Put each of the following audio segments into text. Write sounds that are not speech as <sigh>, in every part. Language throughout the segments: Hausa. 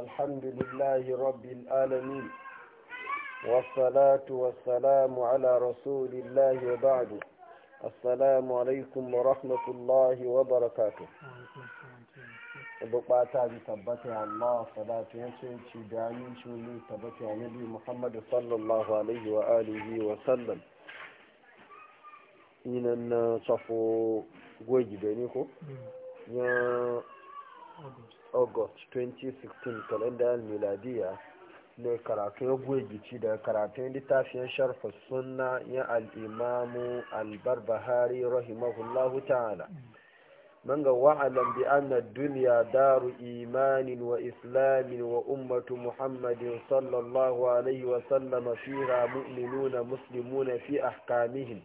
الحمد لله رب العالمين والصلاة والسلام على رسول الله وبعد السلام عليكم ورحمة الله وبركاته bukata bi tabbata ya Allah salatu ya ce da yin shuni tabbata ya nabi Muhammad sallallahu alaihi wa da ko hmm. ya august 2016 kalendar miladiya ne karatu ya goye gici da karatu ya littafin sharfa suna ya al'imamu albar bahari rahimahullahu ta'ala Manga ga wa'alan bi an na duniya daru imanin wa islamin wa ummatu muhammadin sallallahu alaihi wa sallama fi ramu nuna musulmu na fi a kamihin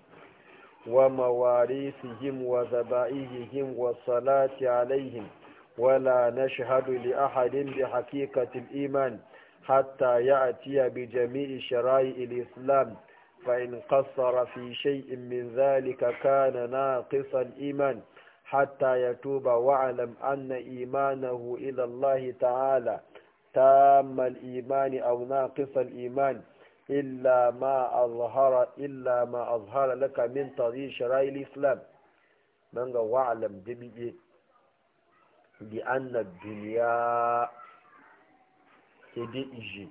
wa mawarisihim wa zaba'ihihim wa salati alaihim ولا نشهد لأحد بحقيقة الإيمان حتى يأتي بجميع شرائع الإسلام فإن قصر في شيء من ذلك كان ناقص الإيمان حتى يتوب واعلم أن إيمانه إلى الله تعالى تام الإيمان أو ناقص الإيمان إلا ما أظهر إلا ما أظهر لك من طريق شرائع الإسلام من واعلم دبيه bi anna duniya sai ije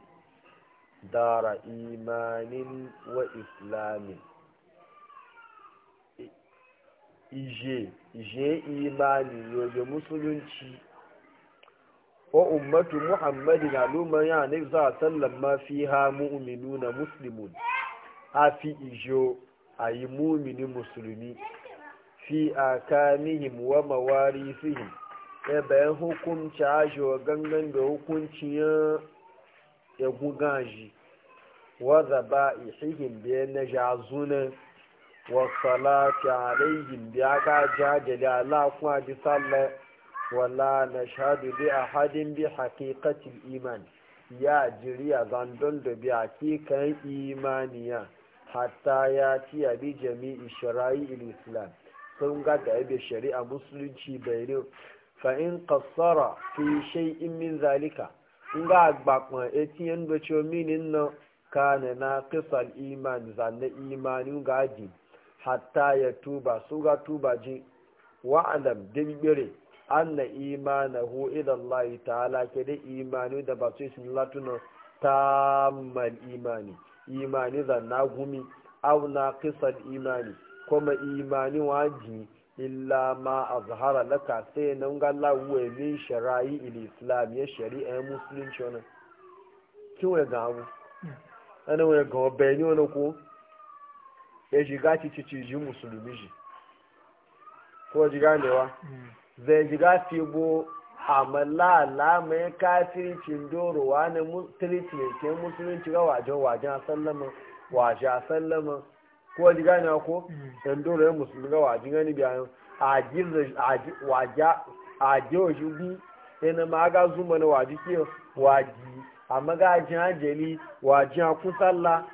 dara imanin wa ije ije imani yobe musulunci o ummatu muhammadin al'ummar ya ne za a ma fi ha mu'minu na muslimun a fi ijo a yi mumini musulmi fi a wa mawarisihim ya e bayan hukunci aji wa gangan da hukunci ya guga shi wadda ba isihin biya na jazunan wasalati alaihim biya ga jajali ala kuma bi sallah wala na shahadu bi ahadin bi haqiqatil iman ya jiriya zandon da bi haqiqan imaniya hatta ya ci bi jami'i shara'i islam sun ga da shari'a musulunci bayanin fa'in kassara fi shay'in min zalika in ga agbapon eti yan bace minin na kana na kisal iman zanne imani ga hatta ya tuba su ga tuba ji wa alam dimbire anna imanahu ila Allah ta'ala ke da imani da ba su isin ta tammal imani imani zanna gumi au na kisal imani kuma imani wajibi illa ma a zahara laka sai nan ga lawuwa e min shara'i il islam ya shari'a ya musulunci wani kin wai ga abu ana wai ga bayani wani ko ya shiga ci ci ji musulmi ji ko ji ganewa zai shiga fi bo amalla alama ya kafircin dorowa na musulunci ne ke musulunci ga wajen wajen sallama wajen sallama ko ji gane ko mm. dole ya musulmi ga wajin gani biyan ajin bi yana ma ga zuma na waji ke waji amma ga jin ajeli waji ku sallah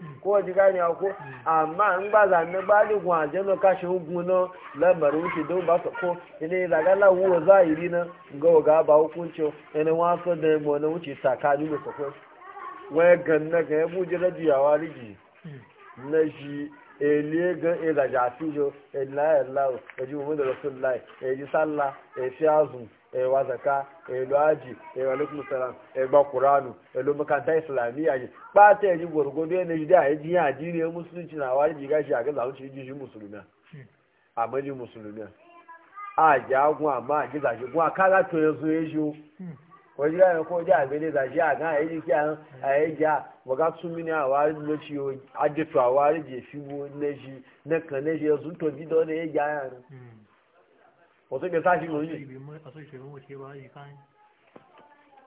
mm. ko ji gane ko mm. amma in ba za ne ba ka shi shi don ba ko ina na ga ga ba ina da na wuce ko wai ganna ga ya buje rajiyawa rigi na shi ele gan eza jafi jo ela eji muhammadu rasulullah eji sallah efi azụ ewa elu aji ewa alaikum salam egba qur'anu elu makanta islamiyya ji bata eji gwargwado na ji da eji ihe addini e musulunci na wani jiga shi a ga zaunci ji shi musulmiya a maji musulmiya a ji hmm. agun amma a gizaje gun to yanzu ya wọ́n yíra ẹ̀kọ́ ọjà àgbélé gàṣí àgá àyèjì kí àyèjà wọ́gá túnmí ní àwọn àrídìlọ́sí àdètò àwọn àrídì èfíwó lẹ́sí nẹ́kan lẹ́sí ẹ̀sùn tó dídọ́ ní ẹ̀yà rẹ̀. wọ́n da sáà sí lóyún.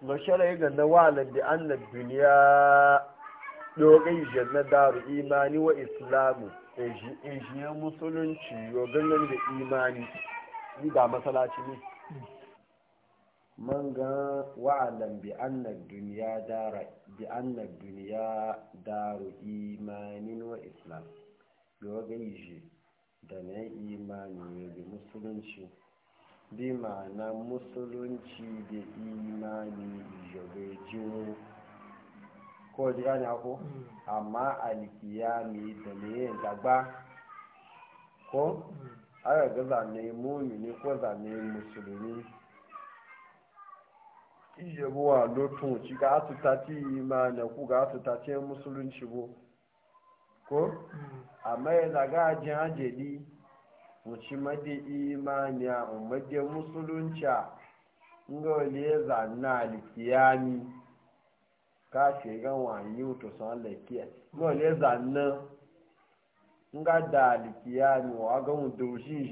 mọ̀ṣẹ́lẹ̀ yìí gànà wà lẹ́dí ànà dùnìyà lórí ìjẹ̀nà dàrú ìmání wà ìsìlámù èjì musulunci yóò gángan da imani ní ga masalaci ne. Hmm. man ga wa'alan bi annad duniya dara bi annad duniya daru imanin wa islam yo ga yiji da ne imani ne musulunci bi ma'ana musulunci da imani yobe jiwo ko ji gane ako amma alkiyami da ne dagba ko aka ga zane mumini ko zane musulmi ijebuwa lotun ci ga atuta ti imana ku ga atuta ti musulunci bo ko mm. amma ya zaga ajin ajeli muci madi imaniya musulunci a wale ya zanna alikiyami ka shiga wani anyị sun alakiya ya zanna nga da alikiyami wa ga mu doshi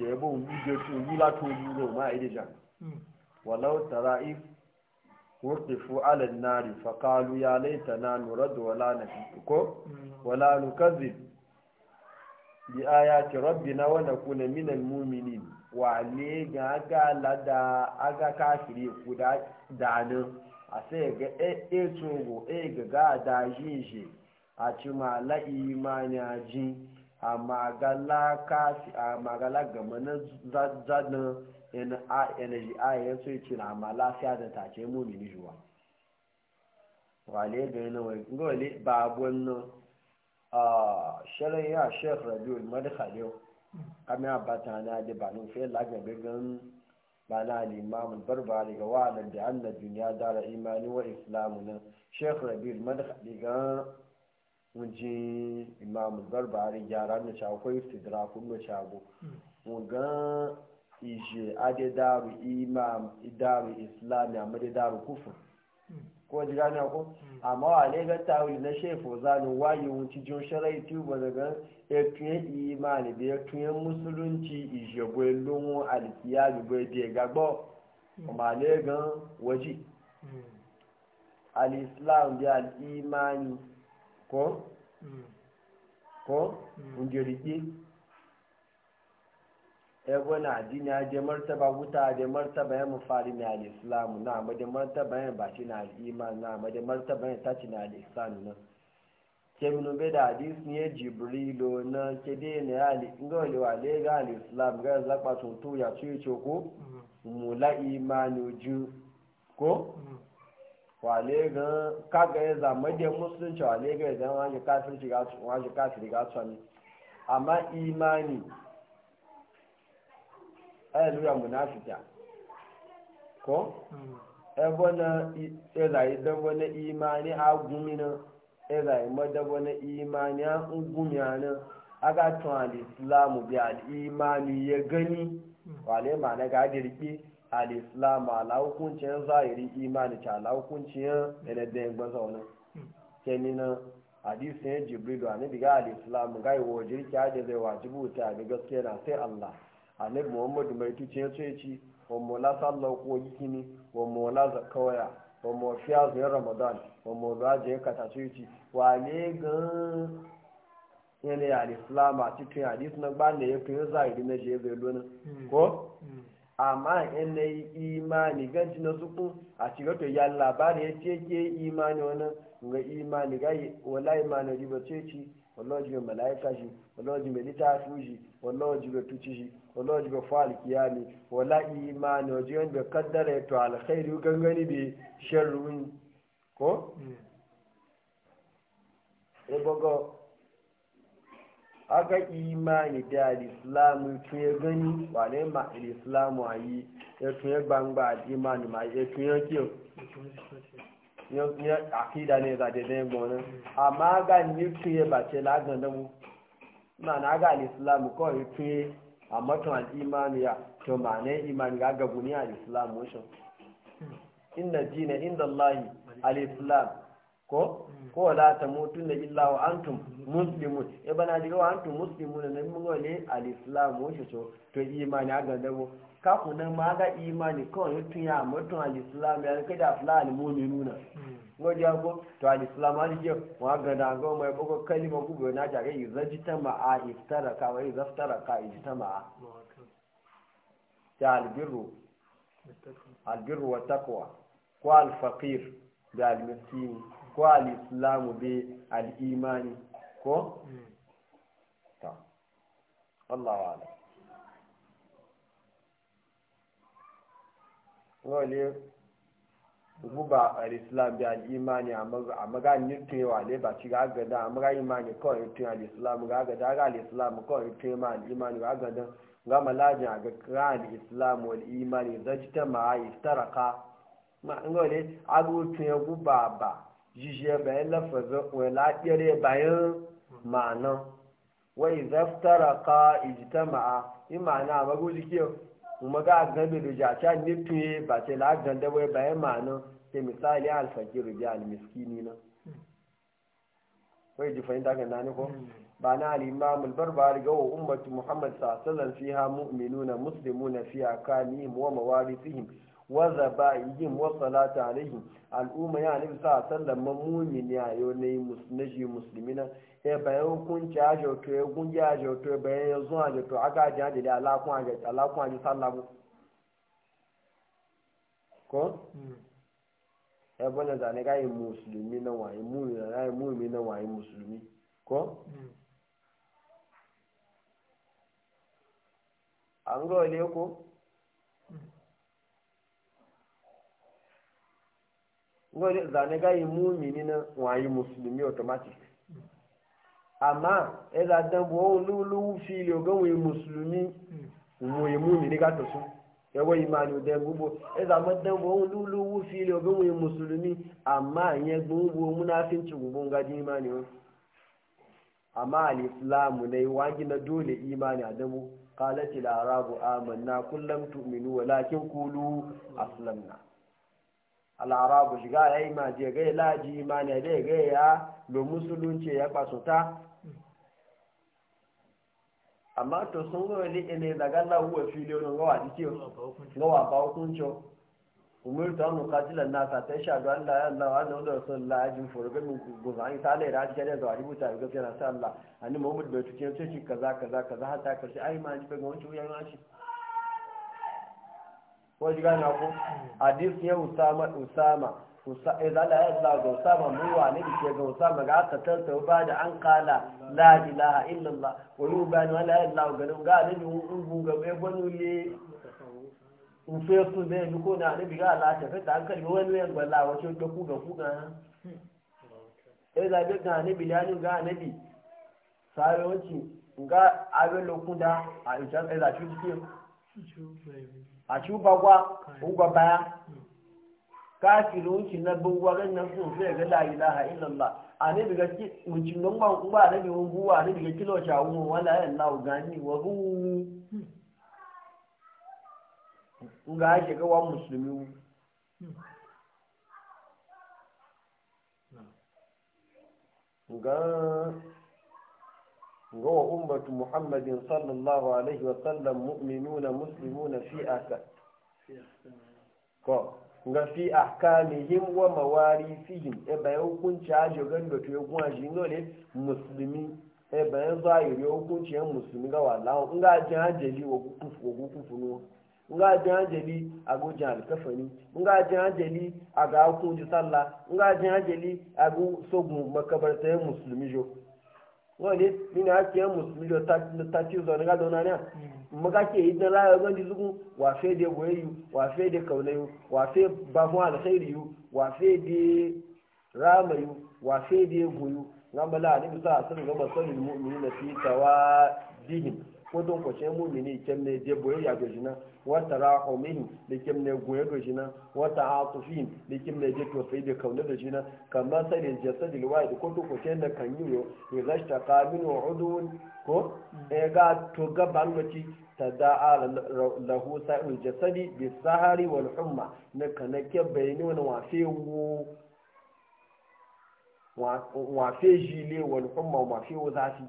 ma mm. walau wuqifu alin an-nari fa qalu ya laitana nurad wala ko wala nukazib bi ayati rabbina wa nakuna minal mu'minin wa le ga ga lada aga kafiri ku da danu a sai ga e e e ga ga da jinje a ci ma la imanya ji a magala kafi a magala gama na zadan yana a energy a ya so yace na amma lafiya da take mu mini juwa wale ga yana wai ngole ba gwanno a shirin ya shekh rabiu madkhaliyo kamar abata na da ba nun fe lagabe gan bana al-imam al-barbari ga wa'alan da da duniya dara imani wa islamu na sheikh rabi al-madkhali ga wujin imam al-barbari gyara na cha akwai istidrakun na cha go hmm. mu ga ije ade daru imam daru islam ya made daru kufur hmm. ko ji gane ko hmm. amma wa ne ga tawili na shefu zanu wayi wuci jin sharai tuba daga ya tuye imani da ya tuye musulunci ije boye lomo alkiyami boye da gagbo hmm. amma ne ga waji al-islam da al-imani ko ko ndirike ebe na addini aje martaba wuta aje martaba ya mafari na islamu na amade martaba ya baci na iman na amade martaba ya tachi na al'isanu na kemino bai da hadis ne jibrilo na kede na ya al'ingoli wa le ga al'islam ga zakpa tuntu ya tuyi ko mm-hmm. mula imanu ju ko mm-hmm. wale ga kaga ya zama da musulunci wale ga ya zama wani ga tsani amma imani ana nuna munafika ko mm. ebe na ezai dabo na imani a gumi na ezai madabo na imani a gumi na aga tun al-islamu bi al-imani ya gani mm. wale ma na gadi rike al-islamu ala hukuncin zahiri imani cha ala hukuncin mm. ɗanɗan gbazaunan kenina hadisin jibril wa nabi ga al-islamu ga iwo wa jirki zai wajibu ta ga gaske na sai allah annabi muhammadu mai tuce ya ce ci wa mola sallah ko gikini wa mola zakawaya wa mo zuwa ramadan wa mo zaje ya kata ce ci wa ne gan yana ya islam a cikin hadis na ba ne ya fi yin zahiri na je zai lona hmm. ko hmm. amma in na yi imani ganci na suku a cikin to ya labarin ya ce ke imani wani ga imani ga wala imani riba ce ci wallahi jibe malaika shi wallahi jibe litafu shi wallahi jibe tuci shi wallahi jibe fa'al kiyami wallahi imani wajen yadda kaddara to alkhairu gangani bi sharrun ko e bogo aga imani da al tun ya gani ba ne ma al-islam ayi ya tun ya gbangba al-imani ma ya tun ya kiyo ya akida ne za da dai gona amma ga ni tuye ba ce la ga mu na na ga al-islam ko yi tuye amma to an imani ya to ma ne imani ga ga buni al-islam mo shin inna dina inda allahi al ko ko la ne illa wa antum muslimun e bana diga wa antum muslimun ne mun gole al-islam mo shin to imani ga da kakunan ma ga imani kawai mutum ya mutum al-islam ya kai da fula al-mumi nuna wajen hmm. ko to al-islam an yi wa gana ga mai bugu kalima gugu na jare yi zaji ta ma'a iftara ka wai zaftara ka yi ta ma'a ta albirru albirru wa takwa ko al-faqir da al-miskin ko al-islam bi al-imani ko hmm. ta Allah wa'ala wale guba al-islam bi al-imani a maganin tewa ne ba ci ga gada a maganin imani kawai tun al-islam ga gada ga al-islam kawai tun ma al-imani ga gada ga malajin a ga kira al-islam wal imani zai ta ma'a istaraka ma in wale agutun ya guba ba jijiyar bayan lafazin wala ɗere bayan ma'anan wai zaftaraka a ma maguji kiyo kuma ga gabe da jacha nituye ba ce la ganda ba bayan ma'anin ke misali alfakiru al miskini na kai ji fahimta ga nani ko ba na al-imam al-barbari ga ummat muhammad sallallahu alaihi wasallam fiha mu'minuna muslimuna fiha kanihim wa mawarithihim wa zabaihim wa salatu alaihim al-umma ya nabi sallallahu alaihi wa sallam mu'minina yo ne muslimina sai bayan hukunci ajoto ya gungi ajoto bayan ya zuwa ajoto aka ajiye ajiye da alakun ajiye alakun ajiye salamu ko hmm. ya bane zane ga yi musulmi na wayi mumi na wayi musulmi ko hmm. an ga wale ko hmm. zane ga yi mumi na wayi musulmi automatic amma ya za ta buwa fili ga wai musulmi wai mumini ga ta su ya wai imani da gubo ya za ma ta buwa lulu fili ga wai musulmi amma ya gubo munafinci gubon ga imani wa amma al-islamu ne wagi na dole imani a dabo qalat al-arabu amanna kullam tu'minu walakin qulu aslamna al-arabu shiga ya imani ga laji imani da ga ya lo musulunci ya kwasuta amma to sun zo ne ne daga Allah huwa fili wannan gawa dike gawa ba hukuncio umurta mu katilan nasa ta sha ga Allah ya Allah wa da rasulullahi ajin furgamin guzani ta lai da ajiyar da wari buta ga na, sa Allah ani Muhammad bai tuke ce shi kaza kaza kaza har ta karshe ai ma ji ga wancan ya ma shi ko ji gane ko hadis ya usama usama izala eh, ya Allah ga Usama muwa ne ke ga Usama ga aka tattauba da an kala la ilaha illallah wa yu bani wala ya ga ga ne mu ungu ga be bonu le un fe su ne ni ko na ne biga la ta fita an kalbi wani yan balla wace to ku ga ku ga eh da ga ga ne bilani ga ne bi sai wanci ga abe a idan sai da a kafirun ki na bugwaran nan sun sai ga la ilaha illallah ani daga ki mutum nan ba ku ba nabi mun buwa ni daga kilo shawu wala ya Allah gani wa hu ga ake ga wa musulmi ga wa ummatu muhammadin sallallahu alaihi wa sallam mu'minuna muslimuna fi aka ko ga fi ahkamihim wa mawarithihim e bayan hukunci ajo gan da to yagun aji ngole muslimi e bayan zahiri hukunci yan muslimi ga wallahi in ga jin hajjali wa kufu wa kufu no in ga jin hajjali a gojin alkafani in ga jin hajjali a ga hukunci sallah in ga jin hajjali a go sogun makabarta musulmi jo wani ní nínú àti ẹ̀ mùsùlùmí lọ zuwa ọ̀sán ní gàdọ̀ náà maka ke yi dan rayuwar gandi zugun wafe da goyayyu wafe da kaunayu wafe ba mu alkhairiyu wafe da ramayu wafe da goyu na mala ne bisa sun gaba sanin na fi dihin fodon kwace mumini kemne je boye ya dojina wata tarahumin da kemne goye dojina wa ta'atufin da kemne je to sai da kauna dojina kamar sai da jasad alwahid ko to kwace da kan yiwo ya e zashta qamin wa udun ko e ga to gaban ta tada'a lahu sa'il jasadi bi sahari wal humma na kanake bayani wani wafe wo wafe jile wal humma wafe wo zafi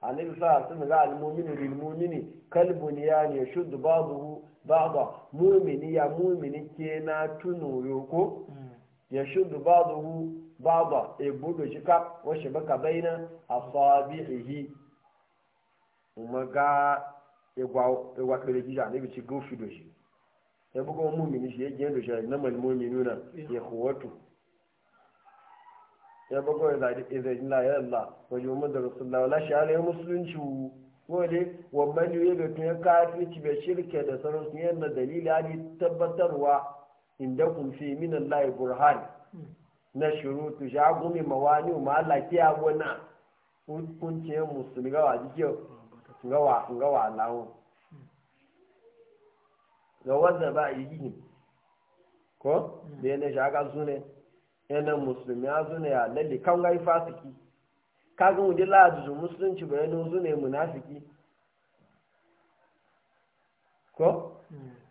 annabi sa sun ga almumini lil mumini kalbun ya ne shud babu ba'da mumini ya mumini ke na tuno yoko hmm. ya shud babu ba'da e budo shi ka wa baka baina asabihi umaga egwa egwa kere ji bi ci gofi do shi ya e bugo mumini shi ya e gendo shi na mal muminuna ya khuwatu ya bako ya zaɗi izajin la ya Allah wa jumun da rasulullah wala shi ala ya musulunci wale wa manu ya bai tuya kafirci bai shirke da sauransu yadda dalili ali tabbatarwa inda kun fi min Allah burhan na shurutu shagumi mawani ma Allah kiya kun hukunce musulmi gawa jike gawa gawa lawo ga wanda ba yi ko da mm. yana shaga su ne yana musulmi ya zuna ya lalle kan gai fasiki kaga mu dila azu musulunci ba yana zuna munafiki ko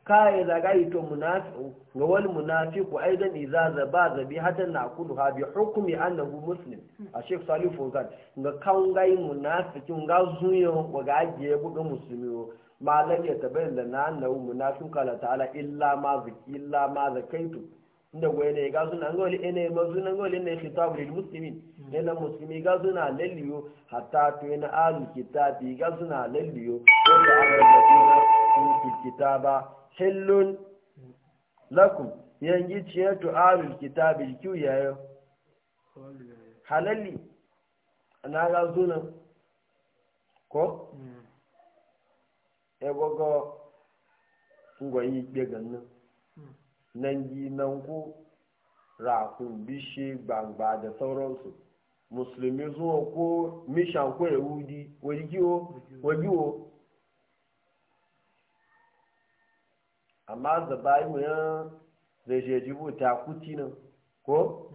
kai da gai to munafiqu ga wal munafiqu aidan idza zaba zabi kudu naquluha bi hukumi annahu muslim hmm. a sheikh salih fozan ga kan gai munafikin ga zuyo wa ga ajiye buga musulmi ma lam yatabayyana annahu munafiqu qala ta'ala illa ma zaki illa ma zakaitu da goyi ne ga suna ngoli ene ma suna ngoli ne khitab lil muslimin hmm. ne na muslimi ga suna lalliyo hatta to ina alu kitabi ga suna lalliyo ko da wanda alladina fi kitaba hillun lakum yanji ciye to alu kitabi ki yayo halalli ana ga suna ko hmm. e gogo ngoyi gbe gannan nan yi nan ku rakun bishe gbangba da sauransu musulmi zuwa ko mishan ko yahudi wajiwo wajiwo amma zaba yi mu yan zai je ta kuti nan ko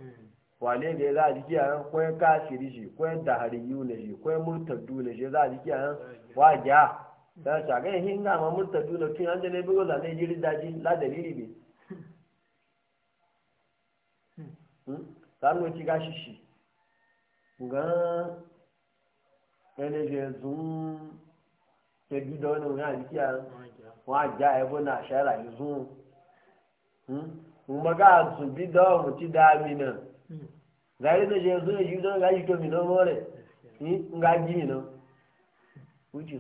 wale da ya za a jiki a yan kwayan kashiri shi kwayan dahariyu na shi kwayan murtaddu na shi za a jiki a yan wajiya ta shagayin hinga ma murtaddu na tun an jane bugu zane jiri daji la dalili ne zanu hmm? ci gashi ga ẹni ṣe zun ṣẹbi dọ́nà ní àdìkíyà wọn àjà ẹbọ ya ṣẹlá e na zun mọ̀gá àtún bí ti dá mi náà gàrí tó ṣe zun èyí dọ́nà gàrí tó mi náà mọ́ rẹ̀ ń ga jí mi náà wíjì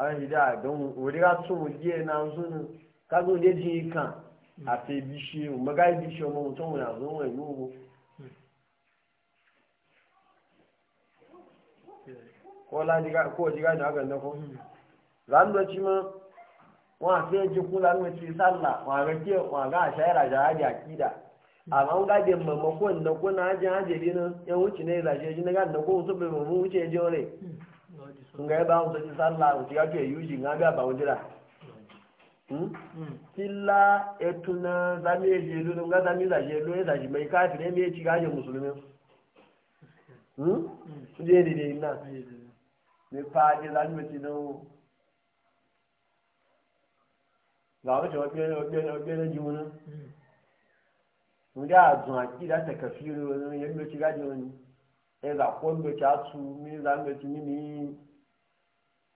an yi da don wuriga tun wuliye na zunu kago ne jin kan a fe bishe mu maga bishe mu mutum na zo wa yugo ko la diga ko na ga nako ran do ci ma wa fe ji kula mu ci sallah wa ga ke wa ga shayara jahadi akida amma an gaje mamakon da kuna ajin ajeli nan yan wuce ne zashe shi na ga nako su bai mu wuce jore nga ebe ahụ sọchi sala nke ya ke yuji nga ga ba wajira kila hmm? hmm. etuna zami eji nga zami zaji elu ya zaji mai kafi ne mai ci gaje musulmi hmm? je ne ne na ne fa zami mai ga wani cewa biyar na biyar na biyar na jiwu na nga azun akida ta kafiru wani yadda ci gaje wani ya zakon da ta ni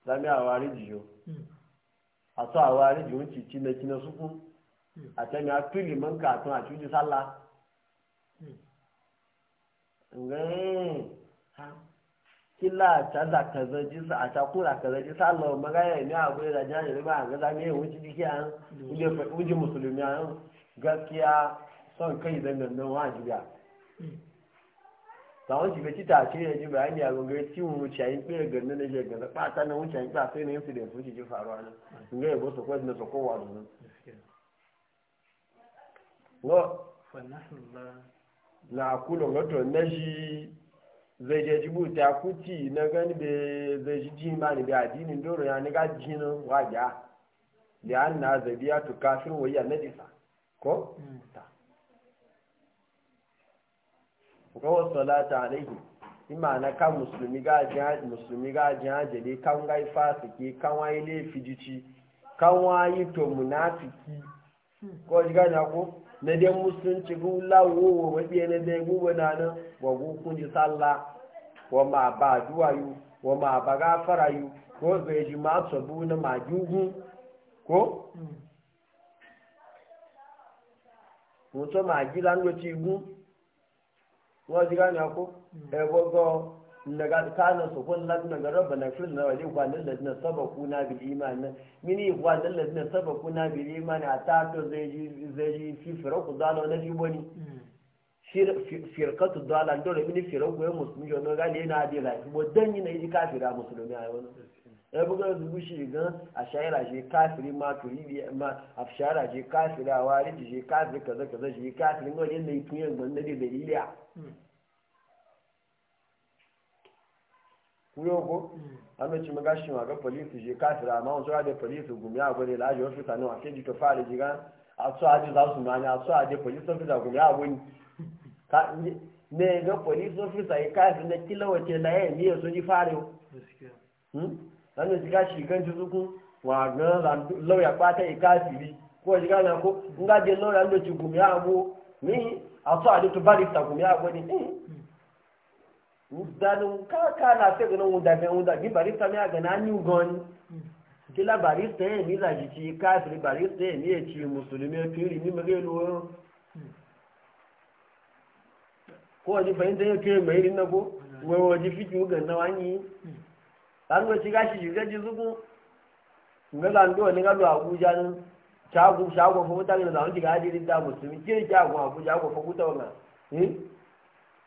zami awari jiyo hmm. aso awa jiyo ci ci na kina suku hmm. atani atuli man ka tun achuji sala hmm. ngai eh. ha kila ta da kaza ji sa a takura kaza ji sa ne da jani ba ga zami wuci dike an uje uje musulmi an gaskiya son kai zan nan wajibi tàwọn jìbẹ títà àti ilẹ̀ jìbẹ àyìn àgbègbè tí wọn ò ṣàyìn pé ẹgbẹ̀rún náà lẹ́jẹ̀ gbẹ̀rún pátá náà wọn ṣàyìn pé àfẹ́ ní incident fún ṣìṣẹ́ fàrọ̀ àná ǹgẹ́ ìbò sọ̀kọ́ ẹ̀dínà sọ̀kọ́ wà lọ́nà. wọ́n na kúlọ̀ lọ́tọ̀ nẹ́ṣí zẹ̀jẹ̀ jìbù tí a kú tì nàgẹ́ níbi zẹ̀jì jìn bá níbi àdínì lóru yà nígbà jìn wájà lẹ́yìn àná zẹ̀bí àtúkà fún wọ́yà mẹ́tìfà rawar salata alaihi imana kan musulmi gajin musulmi gajin hajjale kan gai fasike kan wayi lefijici kan wayi to munafiki ko ji gani ko na dai musulunci gu lawo wa mabiya na dai gu nan wa ji wa ma ba wa ma ba gafara yu ko ji ma sabu na ma jugu ko mutum gilan lokaci wọ́n ti gane ko ẹ̀wọ́ gọ́ daga su kun na ga rabba na fil na wali kwanan latin sabaku na bil iman mini kwanan latin sabaku iman a ta to zai ji zai ji fi zalo na liboni mm. firkatu dala dole mini firaku ya musulmi jono gani yana adila ba dan yi na yi kafira musulmi a ya buga zubu shi gan a shayara je kafiri ma turi ma a shayara je kafira a wari je kafiri kaza kaza shi kafiri ma wani mai tuyen gwanda da dalila hmm. kuyo ko hmm. an mace maga shi ma ga polisi je kafira ma, wasu da polisi gumi a gwada laji wasu sanu a keji to fara ji gan a su aji za su mani a su aji polisi ofisa gumi a wani <laughs> ne ga polisi ofisa ya ne na kilawace na yaya ne ya sun ji fara yau hmm? sannan shiga shigan jizuku wa gan lauya kwata bi ko shiga na ko nga je lauya ndo ci gumi abu ni aso ade to bari ta gumi abu ni eh udanu ka ka na se gno unda be unda bi bari ta me aga na ni ugon kila bari ta e ni la ji ci kafiri bari ta e ni e ci musulmi e kiri ni mege lo ko ji fahimta yake mai rinna ko wai waje fiki ga nawani sango shiga shi shiga ji zugu nga zando ni ga lu abuja ni shago shago fo mutane na wani ga ji da musulmi ke ku abuja ko fo kuta wannan eh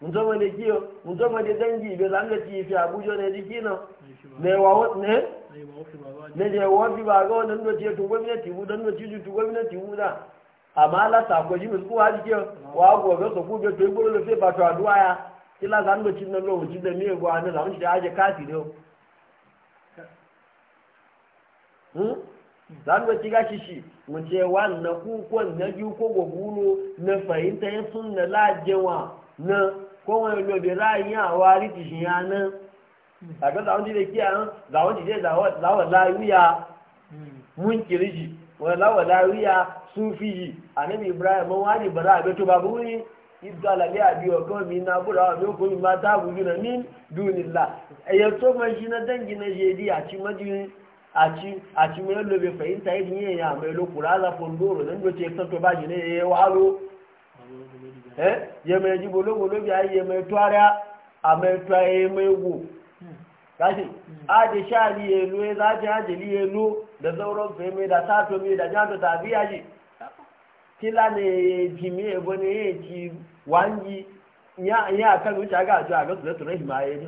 mun zo ne kiyo mun zo ne dangi zanga ci fi abuja ne ji kino ne wa ne ne je wa bi ba go nan do je to gwamnati mu dan do ji to gwamnati mu da amma la ta ko ji mu ko ha ji kiyo wa go be so ku be to ibolo le fe ba to aduwa ya kila zan do nan lo ji da ne go an da mun ji aje kati ne za mu ci gashi shi mu ce wannan kukon na biyu ko gwagwuno na fahimta ya sun na lajewa na kowane lobe ra'ayin a wari ti shi yanan a ga zawon jide kiya zawon jide zawon layuya mun kiri shi wani zawon layuya sun fi yi a nabi ibrahim man wani bara a beto babu ne ibda lalai a biyu kawai mi na bura wa biyu kuma ma ta bugu na min dunilla a yanzu man shi na dangi na jedi a ci majiyoyi Eh, a ci wani lobe fahimta yi ne ya mai lokura za fondoro nan da ce santo ba ne ya yi waro ya mai ji bologo lobe ya yi mai tuwara a mai tuwara ya mai go kashi a da sha ni ya lo ya zaji hajjali ya lo da sauran su mai da sato mai da janto tafiya shi kila ne ya ji mai ya gwani ya ci wangi ya kan wuce a ga a ga su da turai ma ya ji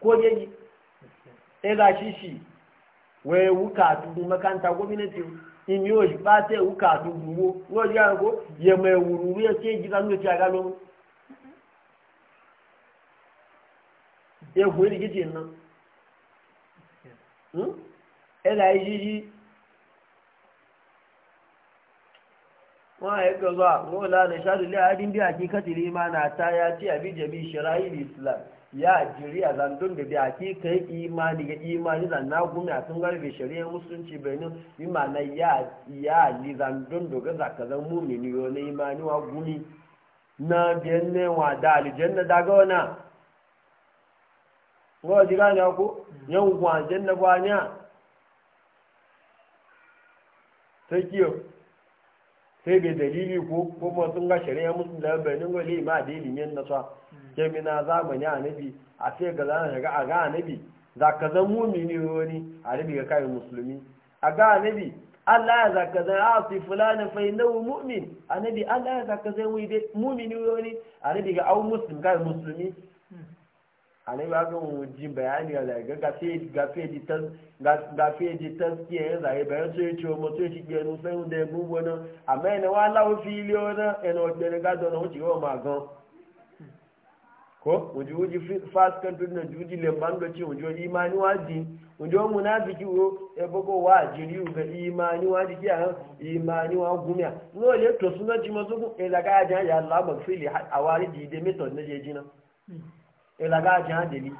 ko yayi sai ga shi shi wai wuka dubu makanta gwamnati in yi oṣù bá tẹ wuka dubu wo ya yára kó yẹmọ ẹ̀wùrú rí ẹtí èjì kan ló ti ẹ là yí yí wọ́n àyè gbọ́dọ̀ àwọn ọ̀la àlẹ́ sáré àti kátìrí máa nà àtàyà tí ìṣẹ̀ráyìlì islam. ya jiri a zandun da biya ki kai imani ga imani da na gumi a sun da shari'ar musulunci benin bi ma'ana ya ya li zandun da ga zaka zan mumini yo na imani wa gumi na jenne wa da jenne da ga wana ko ji ga ne ko yan gwa jenne gwa ne sai kiyo sai bai dalili ko kuma sun ga shari'ar musulunci da benin ga li ma da na nasa kemina zamani annabi a ce ga zan shiga a ga annabi za ka zan mumini wani a annabi ga kai musulmi a ga annabi Allah ya zaka zai ah, fi fulani fa innahu mu'min annabi Allah ya ka zai wai dai mu'mini wani annabi ga au muslim ga musulmi annabi ga mu jin bayani ga ga ga fe ga fe di tas ga ga fe di tas ki e za e bayan so yace mo so yace genu sai unde mu wona amma ne wala o fili ona eno gbere ga do no ti o magan ko wuji wuji fasikantu na juji lembando ci wuji wa imani waji wuji wa munafiki wo e boko wa jiri ga imani waji ki an imani wa gumiya no le to suna ji mazo ku e daga aja ya Allah magfili awari ji de meto na je jina e daga aja de li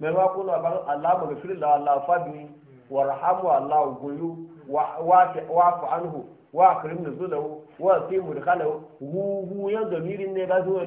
me wa ku no ba Allah magfili la Allah fadu warhamu Allah gulu wa wa fa anhu wa akrim nuzulahu wa fi mudkhalahu hu hu ya zamirin ne ga zuwa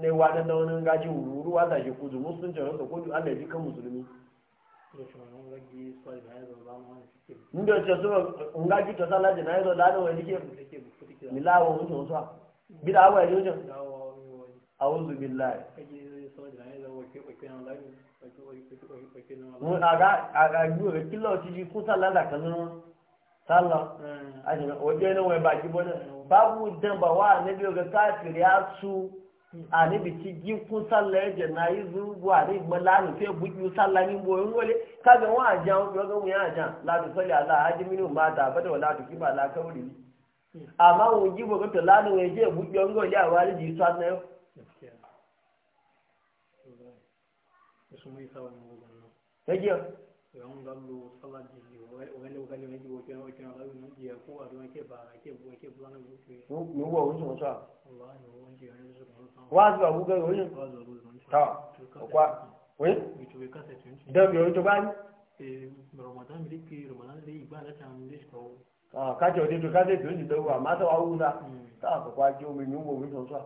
ne wadan da wani gaji wuru wata shi kuzu musulunci rasa kudu allah ji kan musulmi ndo ce so nga ji sala de nayo la do ni ke mi la so so bi da wa yo jo a'udhu billahi mun aga aga ju re kilo ti ji kun sala da kan sala mm. a je o je no we ba ji babu dan ba wa ne bi ga kafir ya su anibi ti jí kún sálẹ̀ ẹ̀jẹ̀ na ìzú wà ní ìgbọ́láàánú tí ó gbújú sálẹ̀ ní gbogbo ń wọlé kájọ wọn àjà wọn fúnra gbọ́n yẹn àjà láti sọ́lẹ̀ àlá ajímínú máa dà bẹ́ẹ̀ wọn láti kíkọ́ àlá kẹ́wọ́n lè rí. 如果文什么算？袜子啊，五个文什好，我挂。喂？da a kacha wa kwaji wururu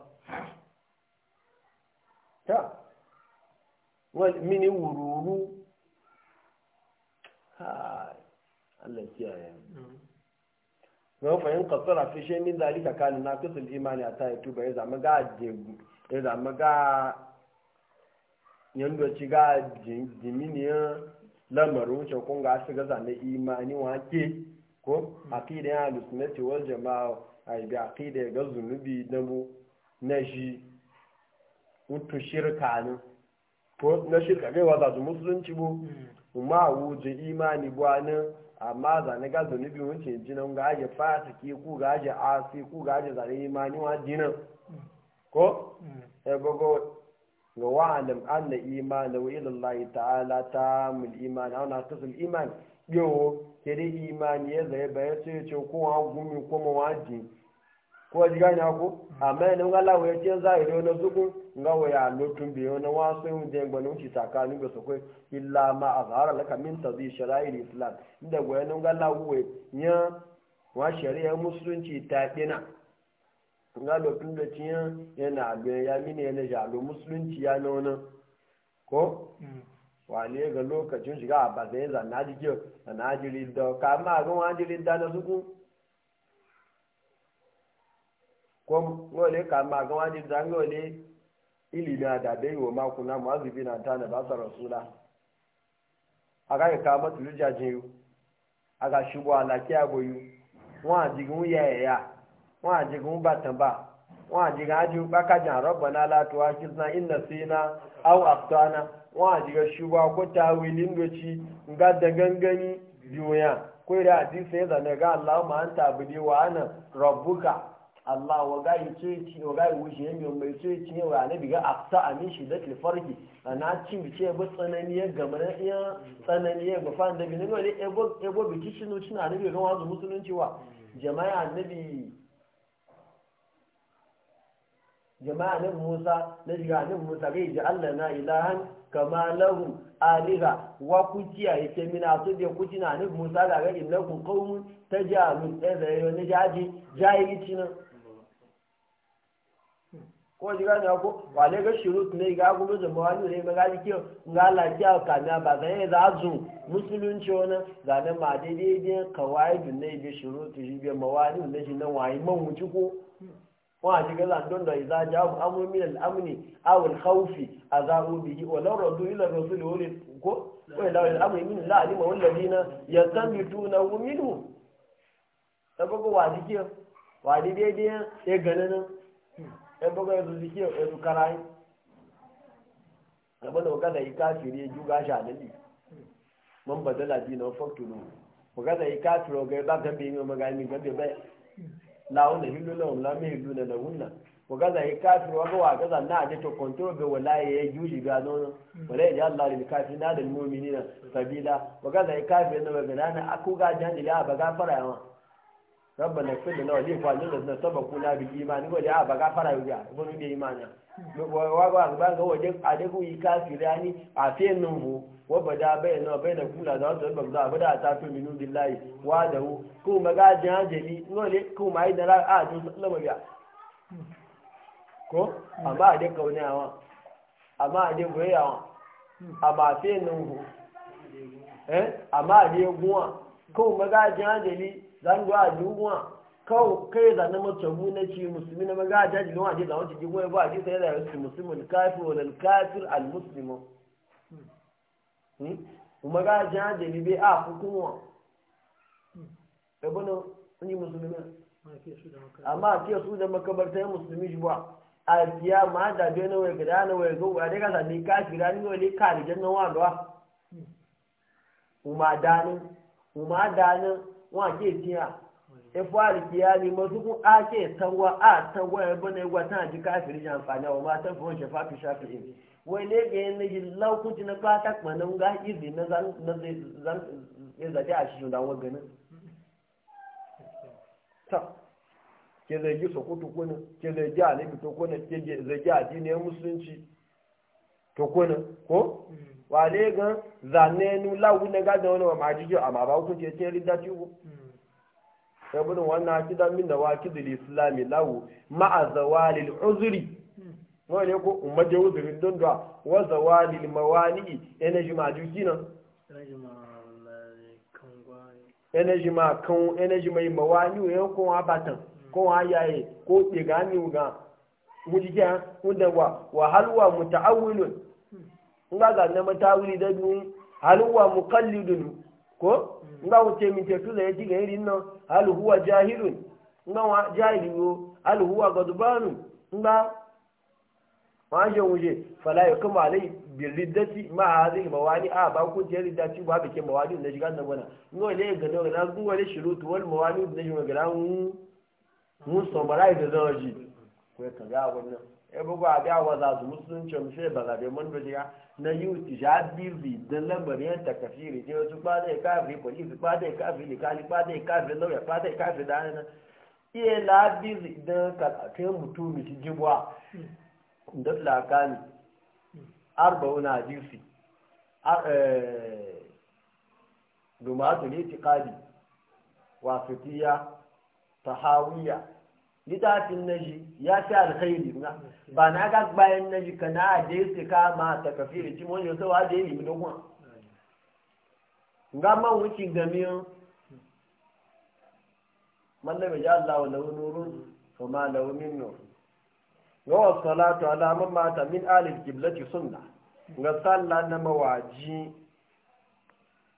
Allah kiyaye wa fa in qasara fi shay min dalika kana naqis al imani ata yatuba ya zama ga de ya zama ga yando ci ga diminiya lamarin ce kun ga shiga zane imani wake ko hmm. aqida ya lusunnati wal jamaa ai bi aqida ga zunubi dambu na shi utu shirka ne ko na shirka ga wa da musulunci bu ma hmm. wuje imani bo anan amma zane ga zunubi wuce jinan ga aje fasiki ku ga aje asi ku ga aje zane imani wa jinan ko sai mm. eh, gogo ga an na imana da wa'il Allah ta'ala mul iman ana tasul iman yo kere imani ya zai bayar sai ce ko wa gumi ko mawajin ko ji gane ko amma yana ga lawo ya ce za a ido na zuku ga waya lotun biyo na wasu yin da gbani wuce tsakanin ga sokoi illa ma a zahara laka min tazi shara'il islam inda goya nan ga lawo ya wa shari'a musulunci ta dina ga lotun da ciyan yana abuwa ya mini yana jalo musulunci ya nuna ko hmm. wale ga lokacin shiga a bazai zanna jikin zanna jirin da kama a wa da na ko ngole ka ma ga wani da ngole ilina da dai wo ma kuna mu'azibi na ta na basa rasula aga ka ma tulu jajin yu aga shubu ala ki aboyu won ajigun ya ya won ajigun batan ba won ajiga aju bakajan rabbana la tuwakilna inna sina aw aqtana won ajiga shubu ko tawilin doci ngadda gangani biyoya ko da hadisi ya zanaga Allahumma anta abdi wa ana rabbuka Allah wa yi ce ci waga yi wuce yamiyo mai ce ci ne wa ne biga aksa amin shi da tilfarki a na ci bice ba tsananiyar gama na iya tsananiyar ba fa da binin wani ebo biki shi no na ne biga wazo musulunci wa jama'a annabi jama'a annabi musa na diga annabi musa bai ji allah na ilahan kama lahu aliha wa ku kiyaye ke mina su da ku tina annabi musa ga ga innakum qaumun tajalun da da ne jaji jahilci nan ko ji gane ko wale ga shirut ne ga gudu da mawani ne ga ji kiyo ga lafiya na ba zai za zu musulunci wani ga na ma daidai ne kawai dun ne bi shirut shi bi mawani ne shi nan wayi man wuci ko wa ji ga zan da ja mu amru min al-amni aw al-khawfi azabu bihi wa law radu ila rasul wa ko ko law al amni min la alima wal ladina yastamituna minhu sabago wa ji kiyo wa daidai ne ya ganin ẹgbẹ́ bẹ́ẹ̀ tó ti kí ẹnu kára yín ẹgbẹ́ náà kátà yìí káàkiri a gáàsà níbi mọ́ bàtẹ́ làdí iná fọ́ọ̀tù lò kátà yìí káàkiri ọ̀gá ẹbá kan bẹ́ẹ̀ ọmọ ga ẹni gbẹ́bẹ́ bẹ́ẹ̀ làwọn na. hílò náà ọ̀nà mí hílò nà nàwó nà kátà yìí káàkiri ọgá wà kátà náà àti tó kọ̀ntóró bẹ wọ láyé ẹjú ìlú àná wọlé ìyá lálẹ́ da káàkiri náà lè mú mi nínà sàbílà kátà yìí na náà bẹ̀rẹ̀ náà akó gáàjà ba àbàgá fara yawa. rabbana yakfir na wa li ikhwanina alladhina sabaquna bil iman ko da ba ga fara yuga ko ni da imani wa ba ba ga waje adegu yi kafirani a fenin hu wa bada bayna bayna kula da wasu babda bada ta fi minu billahi wa da hu ko maga jajali ko le ko mai da ra a to sallama biya ko amma ade kaunawa amma ade goyawa amma fenin hu eh amma ade guwa ko maga jajali zan ga ajuwa kawo kai da na matsabu na ci musulmi na maga jaji don waje da wace gigoyi ba a ji sai da yake musulmin kafir wal kafir al muslimu kuma hmm? ga jaji ne bai a hukuma ebona ni musulmi amma ke su da makabarta musulmi shi ba a siya ma da bai na wai gada na wai gogo a daga sami kafira ni wani kalijan na wa da wa umadanin umadanin wọn àti ètí à ẹfọ àlìkìyà ni mo tún kún ákè ẹbọ náà ẹgbà tán àti káfíìrì jẹ àǹfààní àwọn ọmọ atẹ́fọ́ ń ṣẹfà fi ṣàfihàn wọn ilé gẹ̀ẹ́ ní yìí ti ní pátá pọ̀ ní nga ìdí ní zàdé àṣìṣe làwọn gẹ̀ náà. ke zai ji sokoto kuna ke zai ji alibi to kuna ke zai ji to ko wale gan zane nu lawu na gada wani wa majiyo amma ba hukunci cikin ridda ci ku sabon wannan kidan min da islami lawu mawani ma kan energy mai mawani yo ko abatan ko nga ga na mata wuri da dun wa muqallidun ko nga wuce min te tula yaji ga irin no halu huwa jahilun nga wa jahilu halu huwa gadbanu nga wa je wuje fala yakuma alai bi riddati ma hadhihi mawani a ba ku je riddati ba ke mawani na shiga nan bana ngo le ga do na ku wale shurutu wal mawani na shiga ga nan mun so barai da zoji ko ka ga wannan e bugu a ga wa za su musulunci mu sai ba ga be mun ba ya. na yuti ya bizi don lambarin yanta kafiri je wasu kwada ya kafiri polisi kwada ya kafiri likali kwada ya kafiri lauya kwada ya kafiri da hannun iya la bizi don kai mutum shi jibwa hmm. da lakani arba'una hadisi dumatul eh, itiqadi wasitiya tahawiyya na shi. ya fi alkhairi na ba na ga bayan na jika na aje su kama ta kafi da cimo ne sau da yi da kuma ga man wucin miyo mallaba ya Allah wa lahu nurun fa ma lahu min nur wa salatu ala man mata min ahli al-qiblati sunnah ga sallah na mawaji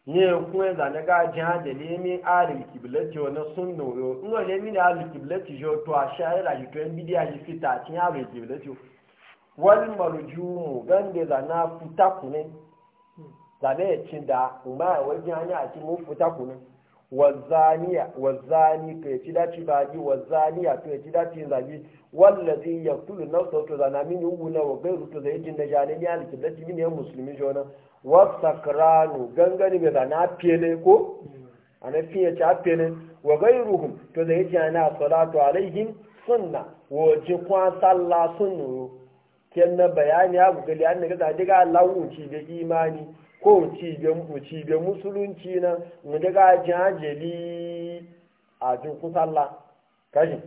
ne kuma zane ga gaji ha da nemi alil kiblati wani sun noro in wani nemi da alil kiblati jo to a shayar e shi to yan bidiya shi fita cin alil kiblati wani maruju mu gande da na fita kune da na ya cin da ma wajen hanya a cin mun fita kune wazaniya wazani to ya ci dace baji wazaniya to ya ci dace wal wallazi yaqtulu na to zana mini yubu na wa gairu to zai e jin da jani ne alil kiblati min ya musulmi jona wasakranu gangani bai zana fele ko a fiye ci ne. wa gairuhum to da yace ana salatu alaihim sunna wa ji kwa salla sunnu kenna bayani abu gali an daga da daga lawu ci da imani ko ci da mu ci da musulunci na mu daga jajeli a jin ku salla kaji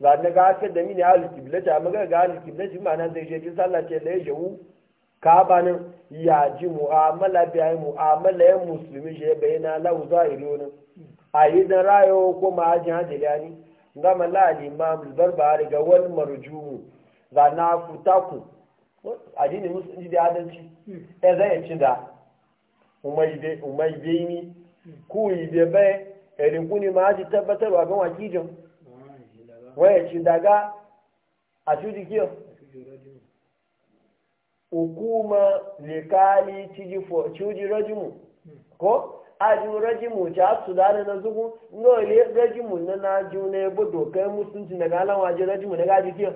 za daga ka da mini alkibla a maga ga ma nan zai je sallah ce kabanin ya ji mu'amala biya mu'amala ya musulmi shi na lau zahiri wani a yi da rayo ko ma'ajin hajjali ya ni ga malali ma barbari ga wani marju za na futa ku addini musulmi da adalci hmm. ya zai ci da umai bai ni ku yi bai bai erin kuni ma ji wa ga wakijin waya ci daga a cikin kiyar hukuma likali ciji rajimu ko ajin rajimu ta su da na zugu le rajimu na na ne bu dokai musulunci daga alan waje rajimu daga jikin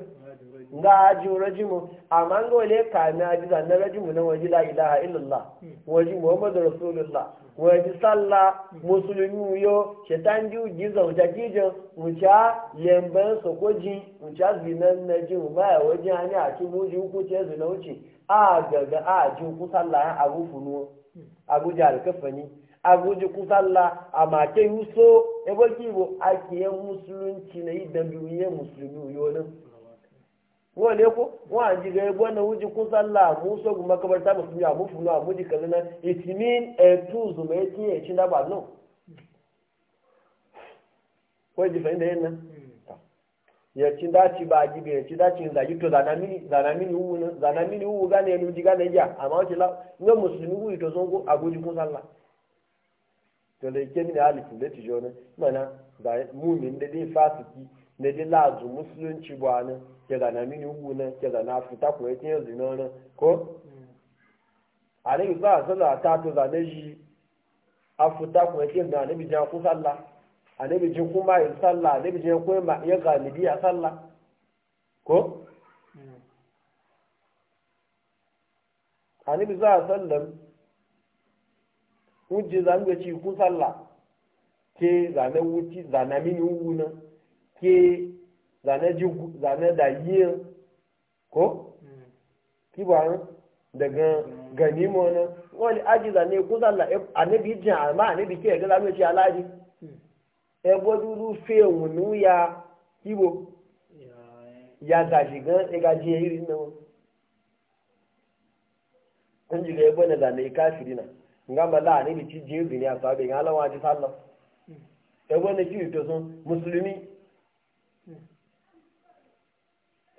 nga ajin rajimu amma nga wale kami aji na rajimu na waje la ilaha illallah waje muhammadu rasulullah waje salla musulmi yo shetan ji uji zauta kijin wuca lemban sokoji wuca zinan na ji ma ya waje hanyar a muji wuji hukuce zina wuce a gaga a ji ku kusalla abu funuwa abuja alkafani agoji kusalla a make yuso ebe kibo ake yin musulunci na yi dambiyoyin musulmi yonin wọ́n lé kó wọ́n à ń jìgà ẹgbẹ́ náà wọ́n ti kún sálà àmúṣọ́gun makabarita mùsùlùmí àmúfùnú àmúdì kan náà ìtì ní ẹ̀tún ìzùmọ̀ ẹ̀tí ẹ̀tí dábà náà. wọ́n ti fẹ́ẹ́ lẹ́yìn náà. yẹ̀tí dáàtì bá a jìgà yẹ̀tí dáàtì ń zàyí tó zanamini wù náà zanamini gánà ẹnu jìgà náà àmọ́ ọ̀tí la ní mùsùlùmí fasiki ne sọ́ngó musulunci ba ne. ke zana mini ugu na ke zana fita ko ya tiyan na nan ko a ne ba sallah ta to zane shi a fita ko ya tiyan zina ne bi jan ku sallah a ne bi jin kuma yin sallah ne bi jin ko ya hmm. galibi a sallah ko a ne bi za sallam kun ji zan ga ci ku sallah ke zane wuci zana mini ugu na ke zane da yin ko kibarin daga ganima wani wani aji zane kusa anabi jin amma bi ke ga zame ce alaji ebo dúdú fe òun ní ya ibo ya dàjì gan ẹgajì eré náà wọn. ń jìlẹ̀ ẹgbẹ́ náà zane e káfìrí náà nga mọ̀ láàrin ibi tí jẹ́ obìnrin àtàwọn obìnrin aláwọ̀ àti sálọ ẹgbẹ́ náà sì rí tó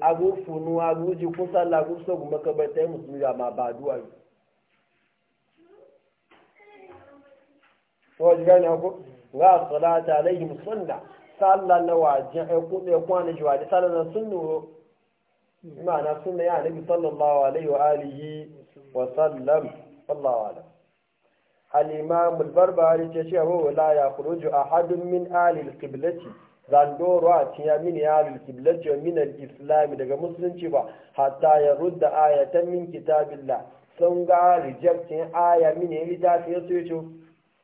agu funu agu ji kun sallah kun so kuma ta yi musulmi ga ma ba duwa yi ji gani ko ga salata alaihim sunna sallah na wajin ai ku ne kwana ji wajin sallah na sunnu ma'ana sunna ya nabi sallallahu alaihi wa alihi wa sallam al-imam al-barbari ce shi abu la ya khuruju ahadun min ahli al-qiblati zandoro a cinya mini ya alkiblacci min al-islami daga musulunci ba hatta ya rudda ayatan min kitabillah sun ga rejectin aya mini littafi ya soyo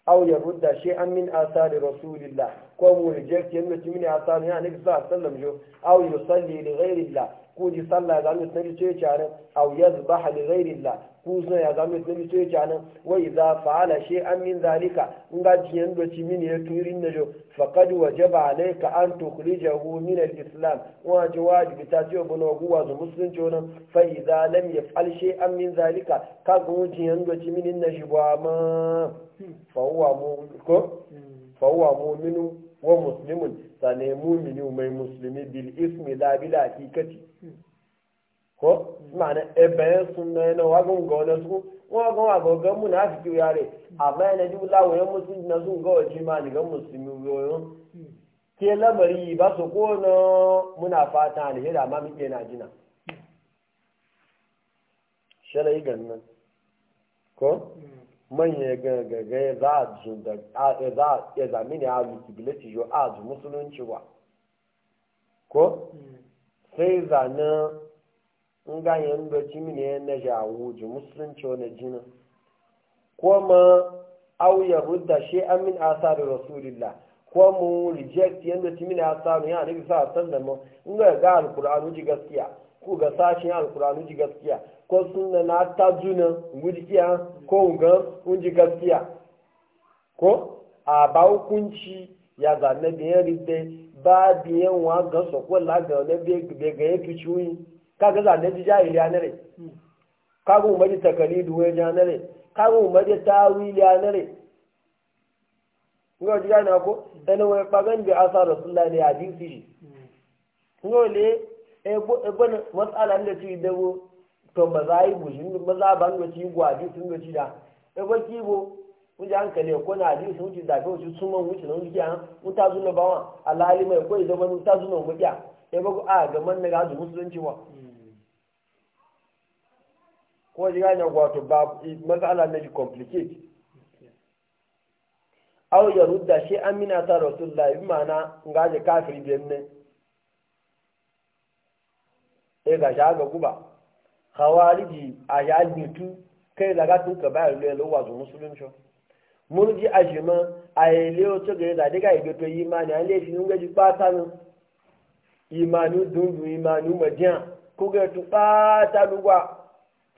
au ya rudda shay'an min asari rasulillah ko mu reject yan mutum ne asari ya nabi sallallahu alaihi wasallam jo aw yusalli li ghairillah ko ji sallah za mu tsari ce ci anan aw yazbaha li ghairillah ku sun ya za mu tsari ce ci anan wa idza fa'ala shay'an min zalika in ga jiyan do ci mini ya turin na jo faqad wajaba alayka an tukhrijahu min al-islam wa jawadi bi tasiyo bono guwa zo musulunci wannan fa idza lam yaf'al shay'an min zalika ka go jiyan do ci mini na shi ba ma fa huwa mu ko fa huwa mu'minu wa muslimun sane muminu mai musulmi bil ismi la bil hakikati ko mana e bayan sunna yana wagon ga wani su wagon wa fi munafiki yare amma yana ji la wayan musulmi na sun ga waje ma ga musulmi yoyon ke lamari ba su ko na muna fata ne da ma muke na jina yi gannan ko mm. manya gagaga za a zu e, da za ya zami ne a lutibilati yau a zu musulunci wa ko sai zane in ganyen doci mini na jawo ji musulunci wani jini ko ma au ya rudda shi amin asarin rasulillah ko mu reject yanda ci mini asarin ya nufi sa da mu in ga ga alkur'anu ji gaskiya ku ga sashen alkur'anu ji gaskiya ko na na ta juna mujikiya ko ga gaskiya ko a ba hukunci ya zane biyan rite ba biyan wa ga soko la ga ne be ga ya ka ga zanne ji jahili ya nare ka ga umari takalidu ya ja nare ka ga umari tawili ya nare ngo ji na ko dan wa pagan bi asa rasulullahi ne hadisi hmm. ngo le e bo e bo mas'ala ci dawo to ba za yi bujin ba za ba nuna ci gwaji sun ga ciya da ba kibo wuce hankali ko na hadisi sun wuce zafi wuce sun man wuce na wuce kiyan wuta zuna bawa alhali mai ko idan wani wuta zuna wuce kiyan ya ba a ga man na gazu musulunci wa hmm. ko ji gane wato ba matsala na ji complicate aw ya rudda shi amina ta rasulullah bi ma'ana ngaje kafiri biyan ne ga shaga guba khawariji a ya ajiyetu kai daga tun ka bayar lo yalo wazo musulunci murji ajima a yale otu ga yada daga ibeto imani an lefi nun gaji bata nan imani dundu ma madiyan ko ga tu bata lugwa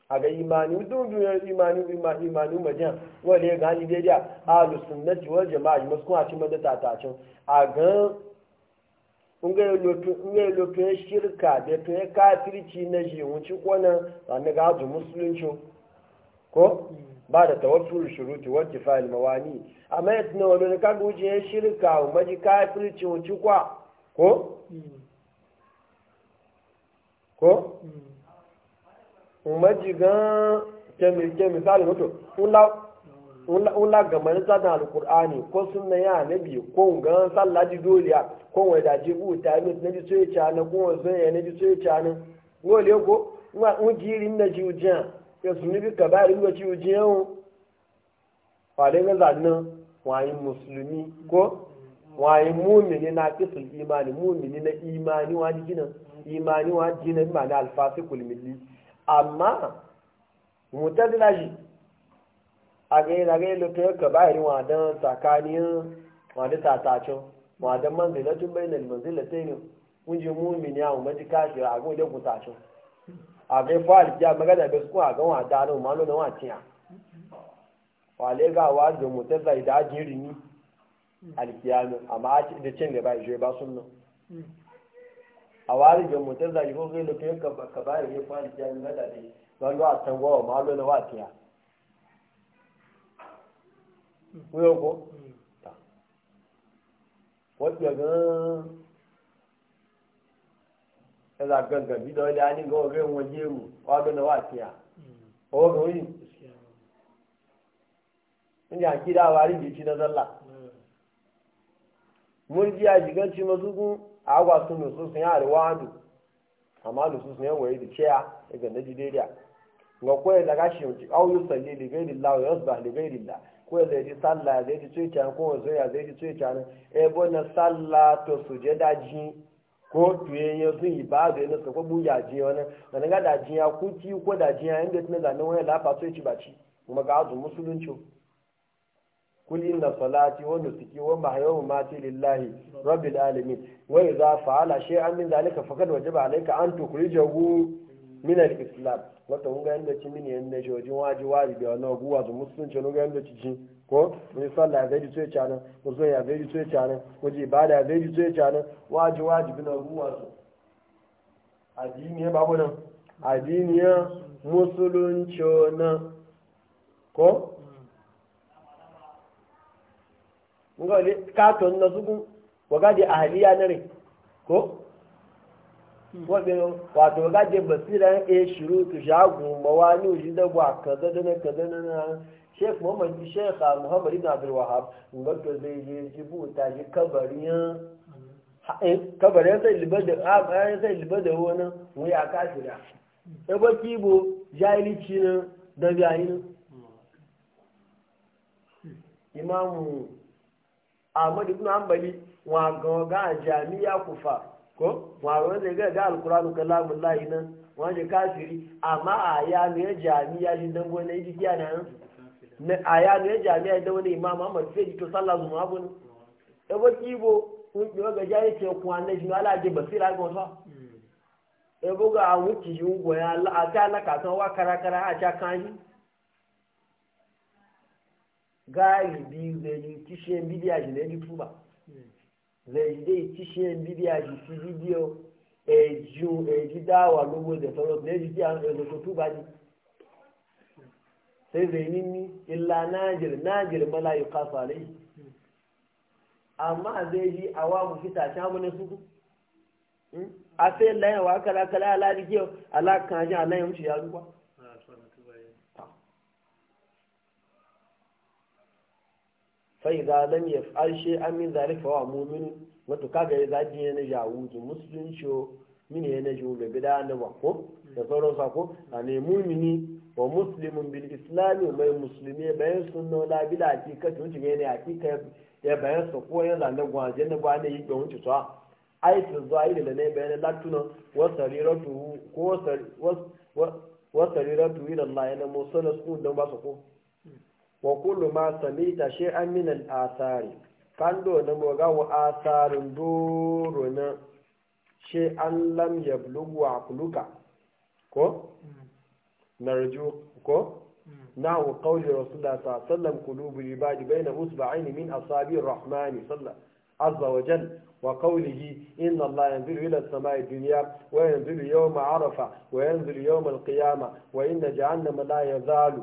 a ga imani dundu imani imani imani madiyan wale ga ni daidai a lusunnati wal jama'a masu kuma a ma madata ta a cin a gan ngai lotu ya e shirka da to ya e kafirci na shi wuce kwana sani muslim azu musulunci ko ba da tawaffur shuruti wa kifayil mawani amma ya tuna wani ka guje ya e shirka wa maji kafirci wuce kwa ko ko umaji mm. gan kemi kemi sali mutu ula gamar zanen alkur'ani ko sunna ya nabi ko gan sallah di doliya ko wai da ji bu ta mi na ji so ya cana ko wai so ya na ji so ya cana ngole ko ma ujiri na ji ujiya ya sunni bi kabari ko ji ujiya o fare ga zanna wai musulmi ko yi mu'mini na kisul imani mu'mini na imani wa jinan imani wa jinan ma na alfasikul milli amma mutadilaji a ga yana ga yadda ta ka bayar wadan tsakanin wadan tatacin wadan manzilatun bai na manzilatun ne kunji mumin ya umarci kashi a ga wajen kutacin a ga fa alkiya magana bai suka ga wada nan malo na waciya wale ga wa da mutar zai da jiri ni alkiyamin amma da cin da bai shi ba sun sunna a wari da mutar zai ko zai da ka bayar ya fa alkiya magana dai wanda a tangowa malo na waciya wọ́n kọ́ wọ́n ti gan-an ẹ̀la gangan bí lọ́ọ́ ilé anígbọ́n ọ̀rẹ́ wọn yé wò wọ́n gbẹ́nà wà sí à ọwọ́ kan yìí níbi àkídá wa rí ibi tí dandan là mo ń jí àjìgán tí mo dúkú àwa tún lò sósìn àríwá àdùn àmọ́ àlò sósìn ẹ̀wọ̀ èdè tíá ngọ̀kọ́ ẹ̀ ko zai ji sallah zai ji tsoyica ko wanzu ya zai ji tsoyica nan ebo na sallah to su je daji ko tuye ya sun yi ba zai nasa ko buya ji wani wani ga daji ya kuki ko daji ya inda tuna zanen wani lafa tsoyici ba ci kuma ga azu musulunci kul inna salati wa nusuki wa mahyaya mati lillahi rabbil alamin wa idza ka shay'an min zalika faqad ale alayka an tukhrijahu minar islam wata hunga yadda ci mini yadda shi wajen waji wari da wani guwa su musulunci hunga yadda ci ci ko wani sallah ya zai tsoye canan wajen ya zai tsoye canan wajen ibada ya zai tsoye canan waji waji bi na guwa su addiniya babu nan addiniya musulunci nan ko nga wale katon na sugun wagadi ahaliya na rai ko waɗin wato gaje basiran a shiru tu shagu mawani uji dabuwa kaza dana kaza dana sheikh Muhammadu. sheikh muhammad ibn abdul wahab ngato zai je jibu ta ji kabarin kabarin eh, sai libar da kabarin sai libar da wani mu ya kafira sai ba kibo jahilici nan da biyayin imamu ahmad ibn hanbali wa ga jami'a kufa ko mawar da ga ga alkuranu kalamun layi nan wani kafiri amma a ya ne jami'a shi dan gona yi kiya na nan a ya ne jami'a da wani imam Ahmad sai to sallah abu ne ya ba kibo kun yi ga jayi ce ku annabi shi ala je basira ga ya e ga a wuce shi go ya Allah a ta na kasan wa karakara a ca kan gari bi zai yi kishin bidiya shi ne ni tuba zai dai kishe bidiya ji fi bidiyo e ju eh, dawa lobo da sauran ne tó biya da eh, ko tuba ji sai zai nini illa najir najir mala yuqasu alai amma zai ji awamu fita ta mun su hmm? a sai layan wa kala kala ala dikiyo ala kan ji ya ruwa فإذا لم يفعل شيء من ذلك فهو مؤمن وتكاغا إذا دين جاوز مسلم شو من هنا جو بدا نوقف يصورو ساكو أني مؤمني ومسلم بالإسلام وما مسلمي بين سنة لا بلا حقيقة وانت هنا حقيقة ya bayan su ko yana zanen gwajen na gwane yi ga لنا tsawa ai su zuwa yi da ne bayan latuna wasu riratu ko wasu wa kullu ma samita shi an minan asari kando na moga wa asarin doro na shi an lam ya bulugu kuluka ko? na raju ko? Hmm. na wa kauli rasulla ta sallam kulubu ribadi bai na musu ba aini min asabi rahmani sallam azza wa jal wa kaulihi inna allah yanzuru ila samai duniya wa yanzuru yawma arafa wa yanzuru yawma alqiyama wa inna ja'anna ma la yazalu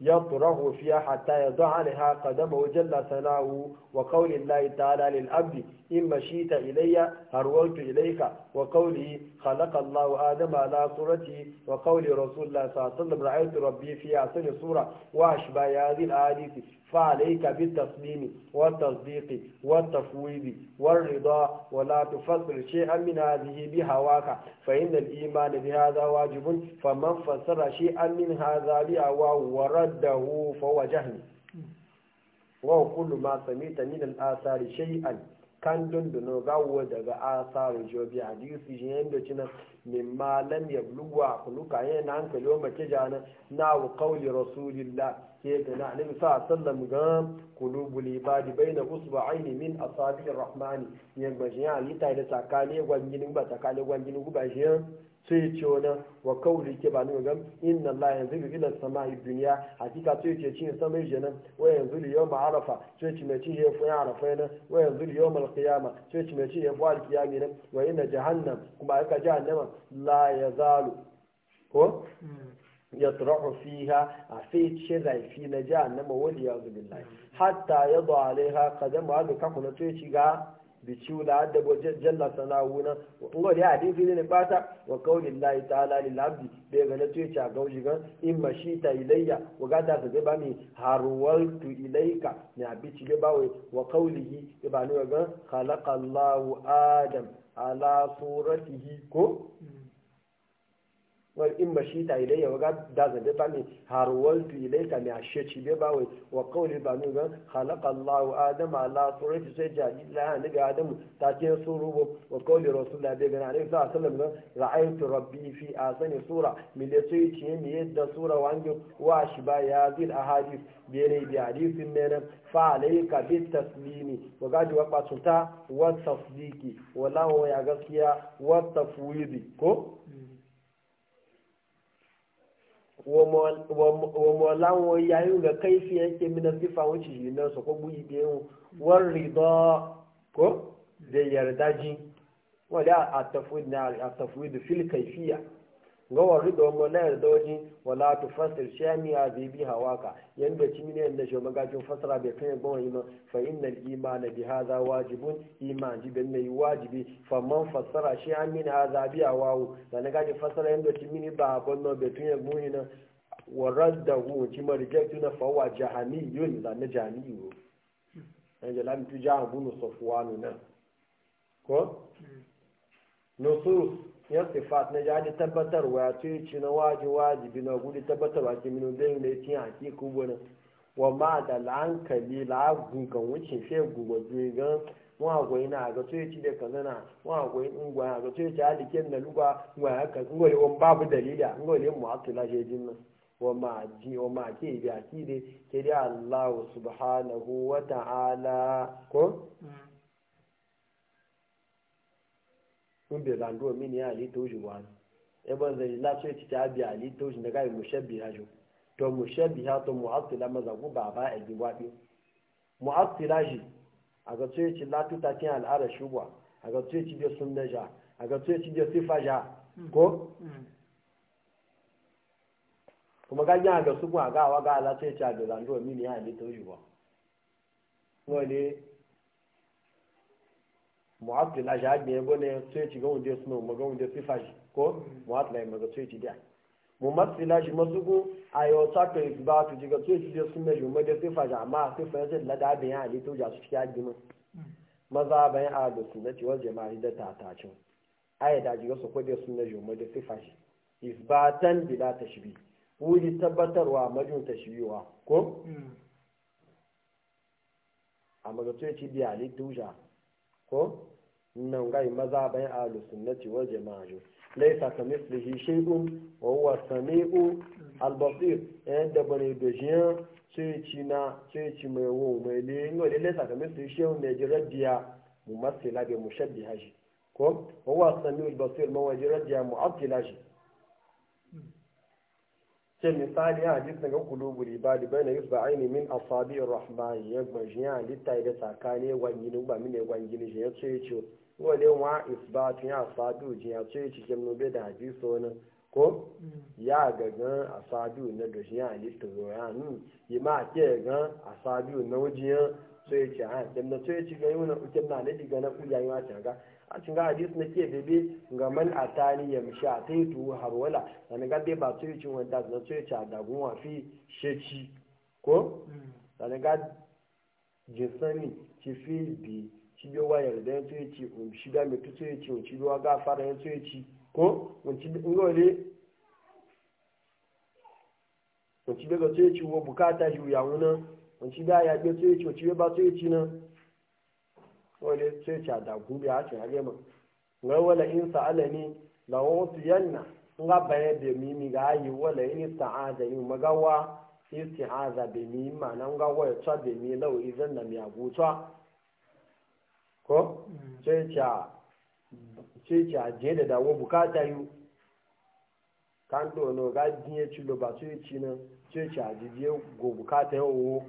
يطرح فيها حتى يضع لها قدمه جل ثناؤه وقول الله تعالى للعبد إن مشيت إلي هرولت إليك وقوله خلق الله آدم على صورته وقول رسول الله صلى الله عليه وسلم رأيت ربي في أحسن صورة وأشبه هذه الأحاديث فعليك بالتصميم والتصديق والتفويض والرضا ولا تفسر شيئا من هذه بهواك فإن الإيمان بهذا واجب فمن فسر شيئا من هذا بهواه ورده فهو جهل وكل ما سميت من الآثار شيئا كان دندن غو دغ آثار جو بحديث جين دچنا min mimma lam yablughu aqluka yana hankali wa mace jana na wa qawli rasulillah ke ga na annabi sa sallam ga qulubul ibadi baina usba'aini min asabi'ir rahmani yan gbajiya ali ta da tsakane gwanginin ba tsakane gwanginin guba shi sai ya ce wani wa kawuli ke ba nuna gam inna la yanzu ga ilan sama yi duniya hakika sai ce cin sama yi jenan wa yanzu da yawan ma'arafa sai ce mai cin ya fi yan arafa yana wa yanzu da ma malkiyama sai ce mai cin ya fi alkiyami na wa na jahannan kuma a yaka jahannama la ya zalu ko hmm. ya turahu ha a sai ce zafi na jahannama wani hmm. ya zubin lai hatta ya zo alaiha kadan ma'azin kakuna sai ci ga bici wula haddawa jallar sana'o'i na kuma dai a cikin filin ne ɓata wa kawun lillaayi ta lallu labdi bai ganin ture shi gauji gan in ma shi ta ilaiya wa ga ɗan zai bar mi haruwarku ilaika mai abinci dai wa kawun liggi zai ba wa gan halaƙa lallu adam ala suratihi ko. wani in ba shi ta ilayya wa da zabe ba ne har waltu ilayka ne a ci bai ba wai wa kawli ba nu gan khalaqa Adama ala surati sai jaji la ni ga Adamu ta ce surubo wa kawli rasulullah bai ga alaihi sallam gan ra'aytu rabbi fi asani sura mi le sai ce mi yadda sura wanjo wa shi ba ya zil ahadith bi ne bi hadithin ne nan fa alayka bi taslimi wa gaji wa basuta wa tasdiki wa ya gaskiya wa tafwidi ko wa mawalawo yayin ga kaifi yake mina sifa wuce yi nan su ko buyi biyu war rido ko da yarda ji wadda a tafi da fil kaifiya gowar rido mo na yardoji wala tu fasir shami ya bibi hawaka yanda ci ne yanda shi magajin fasara bai kai gowar yi fa inna al iman bi hadha wajibun iman ji bin mai wajibi fa man fasara shi amin hadha bi awawu da na gaji fasara yanda ci mini ba gonno bai tun gowar na waraddahu ci ma reject na fa wa jahaniyun da na jahaniyu yanda lam tu jahanu safwanu na ko hmm. nusus yan na jadi tabbatarwa ya ce ci na waji wajibi na gudu tabbatarwa ke minu zai ne ya haki ake na wa ma da la'ankali la'agun kan wucin fe gugu gan wa goyi na ga ci da kazana wa goyi ga to ci na lugwa wa haka babu dalila mu wa ma ji wa ma mun bai zando min ya ali toji wa ibn zai la sai ci ta bi ali toji daga yi mushabbiha jo to ha to mu'attila maza ku baba e giwabi mu'attila ji a ga sai ci la tuta tin al'ada shubwa a ga sai ci bi sunna ja a ga sai ci bi sifa ja mm. ko mm. kuma ga ya ga su ku ga wa ga la sai ci a da zando min ya ali toji wa wale mu'abdila shi haɗe ya gwane sai ci ga wunde suna maga wunde sifa shi ko mu'abdila yi maga sai ci dia mu matsila shi ku a yau saka yi ba tu ji ga sai ci da suna shi maga sifa shi amma sifa ya ce lada bin ya halittu ja su aji mu. maza bayan a da suna ci wajen jama'i da ta aya da ji ga su kwade suna shi maga sifa shi isbatan bila tashbi wuri tabbatarwa majun tashbiwa ko hmm. a maga sai ci da halittu ja ko nan gai maza bayan ahlus sunnati wal jama'a laisa kamithlihi shay'un wa huwa samiu al-basir eh da bane da jiya sai ci na sai ci mai wo mai ne ngo da laisa kamithlihi shay'un ne jiradiya mumassila bi mushabbiha shi ko wa huwa samiu al-basir ma wajiradiya mu'attila shi ce misali a hadis daga kulubu da bai na yi ba aini min asabi rahman ya gbanshi ya halitta ya tsakani gwangini ba mine gwangini ne ya ce ce wale wa isbatu ya asabi ujin ya ce ce kem nobe da hadis wani ko ya gagan asabi na da shi ya halitta zo ya nun yi ma ke gan asabi na wajen ya ce ce ha kem na ce ce ga yi wani kem na na diga na kuyayi ce ga a cikin hadis na ke bebe ga man a tani ya mishi a tai tuwo harwala sani gabe ba su cin wanda na su yi ci a dagun wafi sheci ko sani ga jinsani ci fi bi ci biyo wa yarda ya su ci un shi da mai su ci un ci biyo ga fara ya su ci ko un ci biyo ngole un ci biyo ga yi ci wo bukata ji ya wuna un ci biya ya biyo su ci un ci ba su ci na wani sai da gubi a cin alema ngai wala in sa'ala ni la yanna nga bayan da mimi ga yi wala in sa'ada ni magawa isti'aza bi mi ma'ana nga waya ta bi mi lawo idan na mi aguta ko mm. sai ci je da dawo bukata yu kan to no ga dinye ci lo ba sai ci nan sai ci go bukata yawo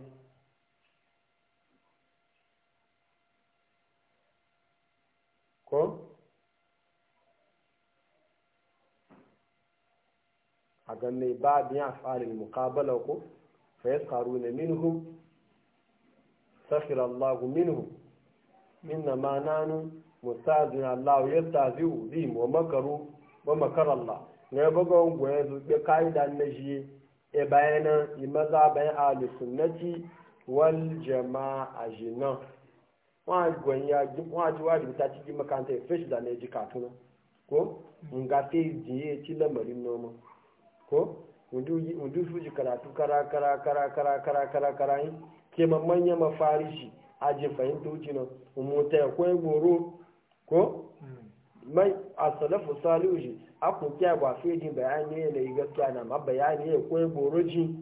ganne ba biya farin mukabala ko fa yasqaruna minhu sakhira Allah minhu minna ma nanu mustazin Allah yastaziu bi wa makaru wa makara Allah ne bago ngwe zu be kaida na shi e bayana imaza bayan ahli sunnati wal jama'a jinan wa gwonya wa ji wa ta ci makanta fresh da ne ji katuna ko nga te ji e ti lamarin noma ko wundu ji karatu kara kara kara kara kara kara kara yi ke manya mafarishi aje fahimta wuce na umuta ya kwaye goro ko mm. mai a salafu salihu shi a kuke ba fi jin bayani ya yi gaskiya na ma bayani ya kwaye goro ji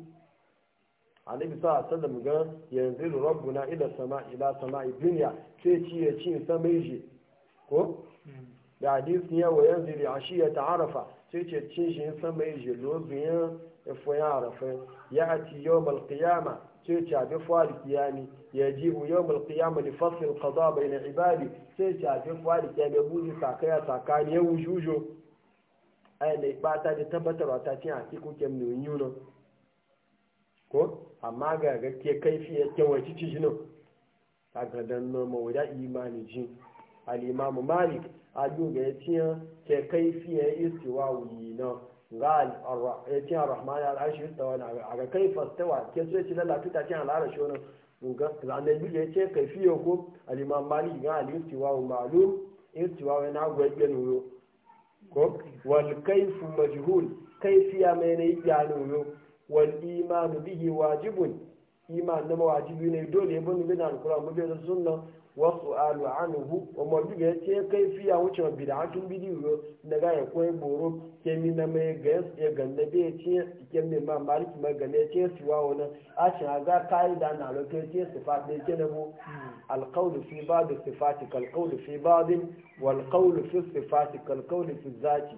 annabi sa mu gan yanzu na ila sama ila sama dunya sai ci ya ci sama ji ko mm. da hadisi ya wa yanzu li ashiya ta'arafa sai ce cin shi sama ya je lobiyan ifo ya arafa ya ati yau malkiyama sai ce abin fari kiyami ya ji hu yau malkiyama da fasil kaza bai na ibadi sai ce abin fari kiyami ya buji sakaya ne ya wujujo A mai bata da tabbatarwa ta cin haki kuke mai yuno ko amma ga gaske kai fiye kewaci ci shi nan a gadon noma wajen imani jin al'imamu malik ajuga ya ciya ke kai fiye istiwa wuyi na ga ya ciya rahman ya al'arshi istawa na aga ga kai fastawa ke so ya ci lalata ta ciya al'arshi wani zanen biyu ya ce kai fiye ko al'imamu malik ga al'istiwa wa ma'alum istiwa wa na gwaggen wuyo ko wal kaifu majhul kaifiya mai na yi gyanin wuyo wal imanu bihi wajibun iman na mawajibi ne dole ya bin bin alkuran mu bai da sunna wasu alu anuhu wa mabiga ce kai fiya wuce ma bid'atun bidiyo na ga ya koyi boro ke ni na mai ga ya ganna be ce ke mi ma maliki ma ganne ce suwa wannan a cin aga kaida na lokaci ce sifat ne ke na bu alqawlu fi ba'd sifati kalqawlu fi ba'd wal qawlu fi sifati kalqawlu fi zati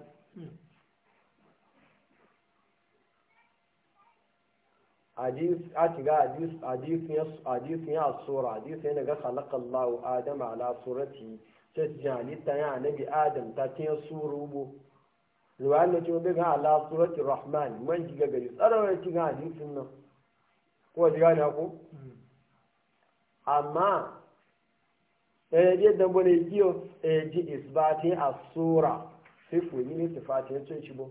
hadisin ya tsora hadisin daga halakallahu adam a surati ta jalita ya nabi adam ta ta yin bu ruwa da ce daga ala surati rahman man jiga gari tsarawar cikin hadisin nan ko jiga ne ku amma ɗaya eh, je dan bane yi ɗaya eh, ji isbatin a sura sai ku yi ne sifatin cin shi bu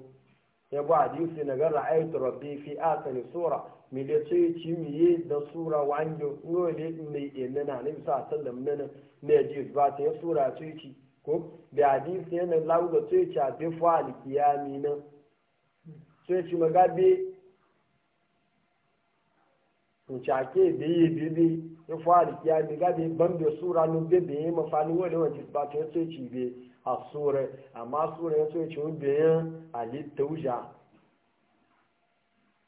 ya bu hadisi na ga ra'aytu rabbi fi asani sura mi le ce ci mi ye da sura wanjo no le ne ne na ne sa sallam ne ne ji ba ta ya sura ce ci ko bi hadisi ne lawo da ce ci a bi fa kiyami na ce ci magabe ke bi yi bi ya fara kiyami ga bi ban da sura nun bebe ya mafani wani wajen ba ta ya yace ci be a amma asure ya so ya ce biyan halitta wuja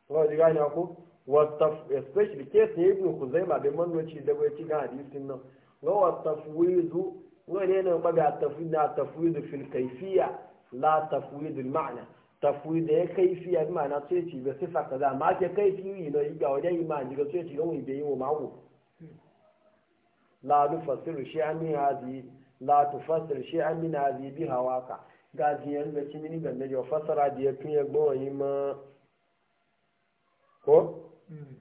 ga wajen gani ko wata especially case ne ibn kuzaima bai ci da bai ci ga hadisin nan ga wata fuwizu wani ne nan ba ga tafwida tafwidu fil kayfiya la tafwidu al ma'na da ya kayfiya bi ma'ana sai ci ba sifa kaza ma ke kayfiyi no ga wajen imani ga sai ci ga wani bai yi wa mako hmm. la nufasiru shi an yi hadisi la tufassir shay'an min zai bi hawaka gajiyan ga cimini ganda yau fasara da ya tuye yi ma ko hmm.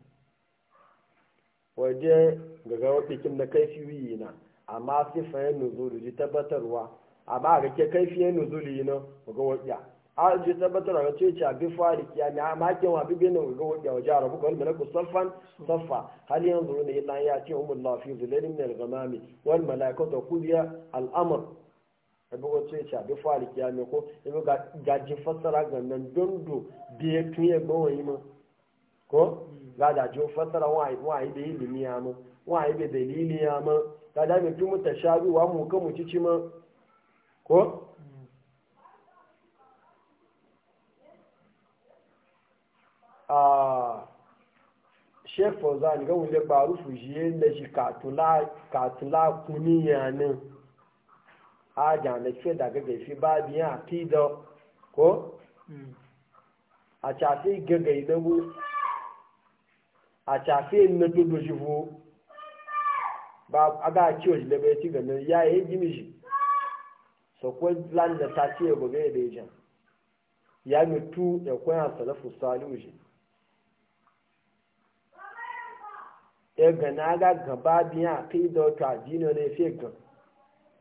waje ga ga wakikin na kaifi na amma sifayen nuzulu ji tabbatarwa amma ga ke kaifiyen nuzulu yi na ga wakiya a ji tabbatar da ce a bi fari ya ne a makin wa bibin da ga wajen wajen a rabu kawai malaku safan? Safa. hal yanzu ne illa ya ce umar lafi zulalin mai gamami wani malakata kuliya al'amur ibi ko ce a bi fari ya ne ko ibi ga gaji fasara ga nan dondo biye tun ya gbawa yi ma ko ga da ji fassara wa yi da ilimi ya ma wa yi da dalili ya ma ga da mai tun mutashabi wa mu ka mu ci ci ma ko shefo za ni gawun wule barufu shi yin da shi katula katula kuni ya nan a ja da daga gaifi ba biya a do ko hmm. a cafe gagai na bu a cha cafe na dodo shi fo ba a ga ciwo shi da ti ci ganin ya yi gimi shi lan da ta ce gobe da ya jan ya mutu ya kwaya salafu salihu shi ya eh, naga ga gaba biya kai da wata jino ne fiye gan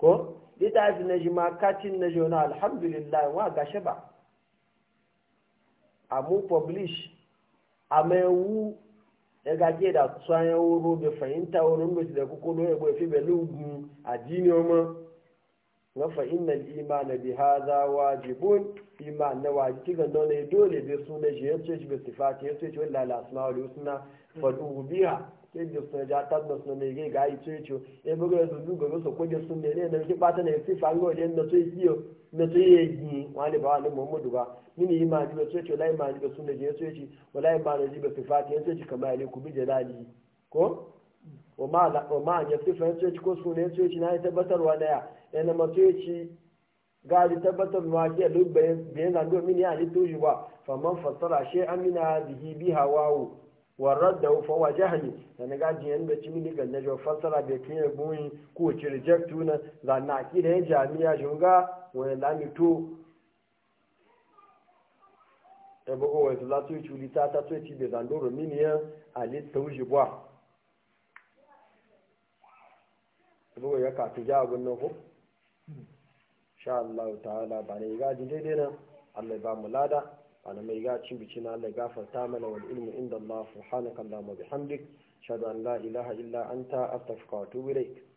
ko littafi na shi katin na jona alhamdulillah wa gashe ba a mu publish a mai wu ya gaje da tsayen wuro bai fahimta wurin bai da kuko don ya gwafi bai lugu a jini ma na fa'innan imana bi haza iman na wajibi ga nuna dole bai suna shi ya ce shi bai sifati ya ce shi wani lalasuna wani suna faɗin biya yadda sun ja tabbas na mai gai gayi ce ce ya buga su duga ga su da sun ne da kike bata ne fi fango da na sai kiyo na sai ya yi wani ba wani muhammadu ba mini imani ba ce ce la imani ba ne je ce ce wala imani ji ba sifati ya ce ce kamar ne ku bi jalali ko wa ma la wa ma ya sifa ya ce ko sunna ya ce ce na tabbatarwa daya yana ma ce ce gari tabbatar ma ke lubbayin bayan zando mini ya ni tuji ba famman fassara shi amina bihi biha wawu warar da ufa wa jahani da na gaji yadda ci mini ganda jo fassara bai kai ya ko ci reject tuna za na ki da jami'a shunga wani lamito ta bugu wani tula tsoyi culi ta ta tsoyi bai zandoro miniyan a lista bugu ya ba ba mu lada ana mai gacin bici na Allah gafarta mana wal ilmu inda Allah subhanaka Allahumma bihamdik shadu la ilaha illa anta astaghfiruka wa atubu ilaik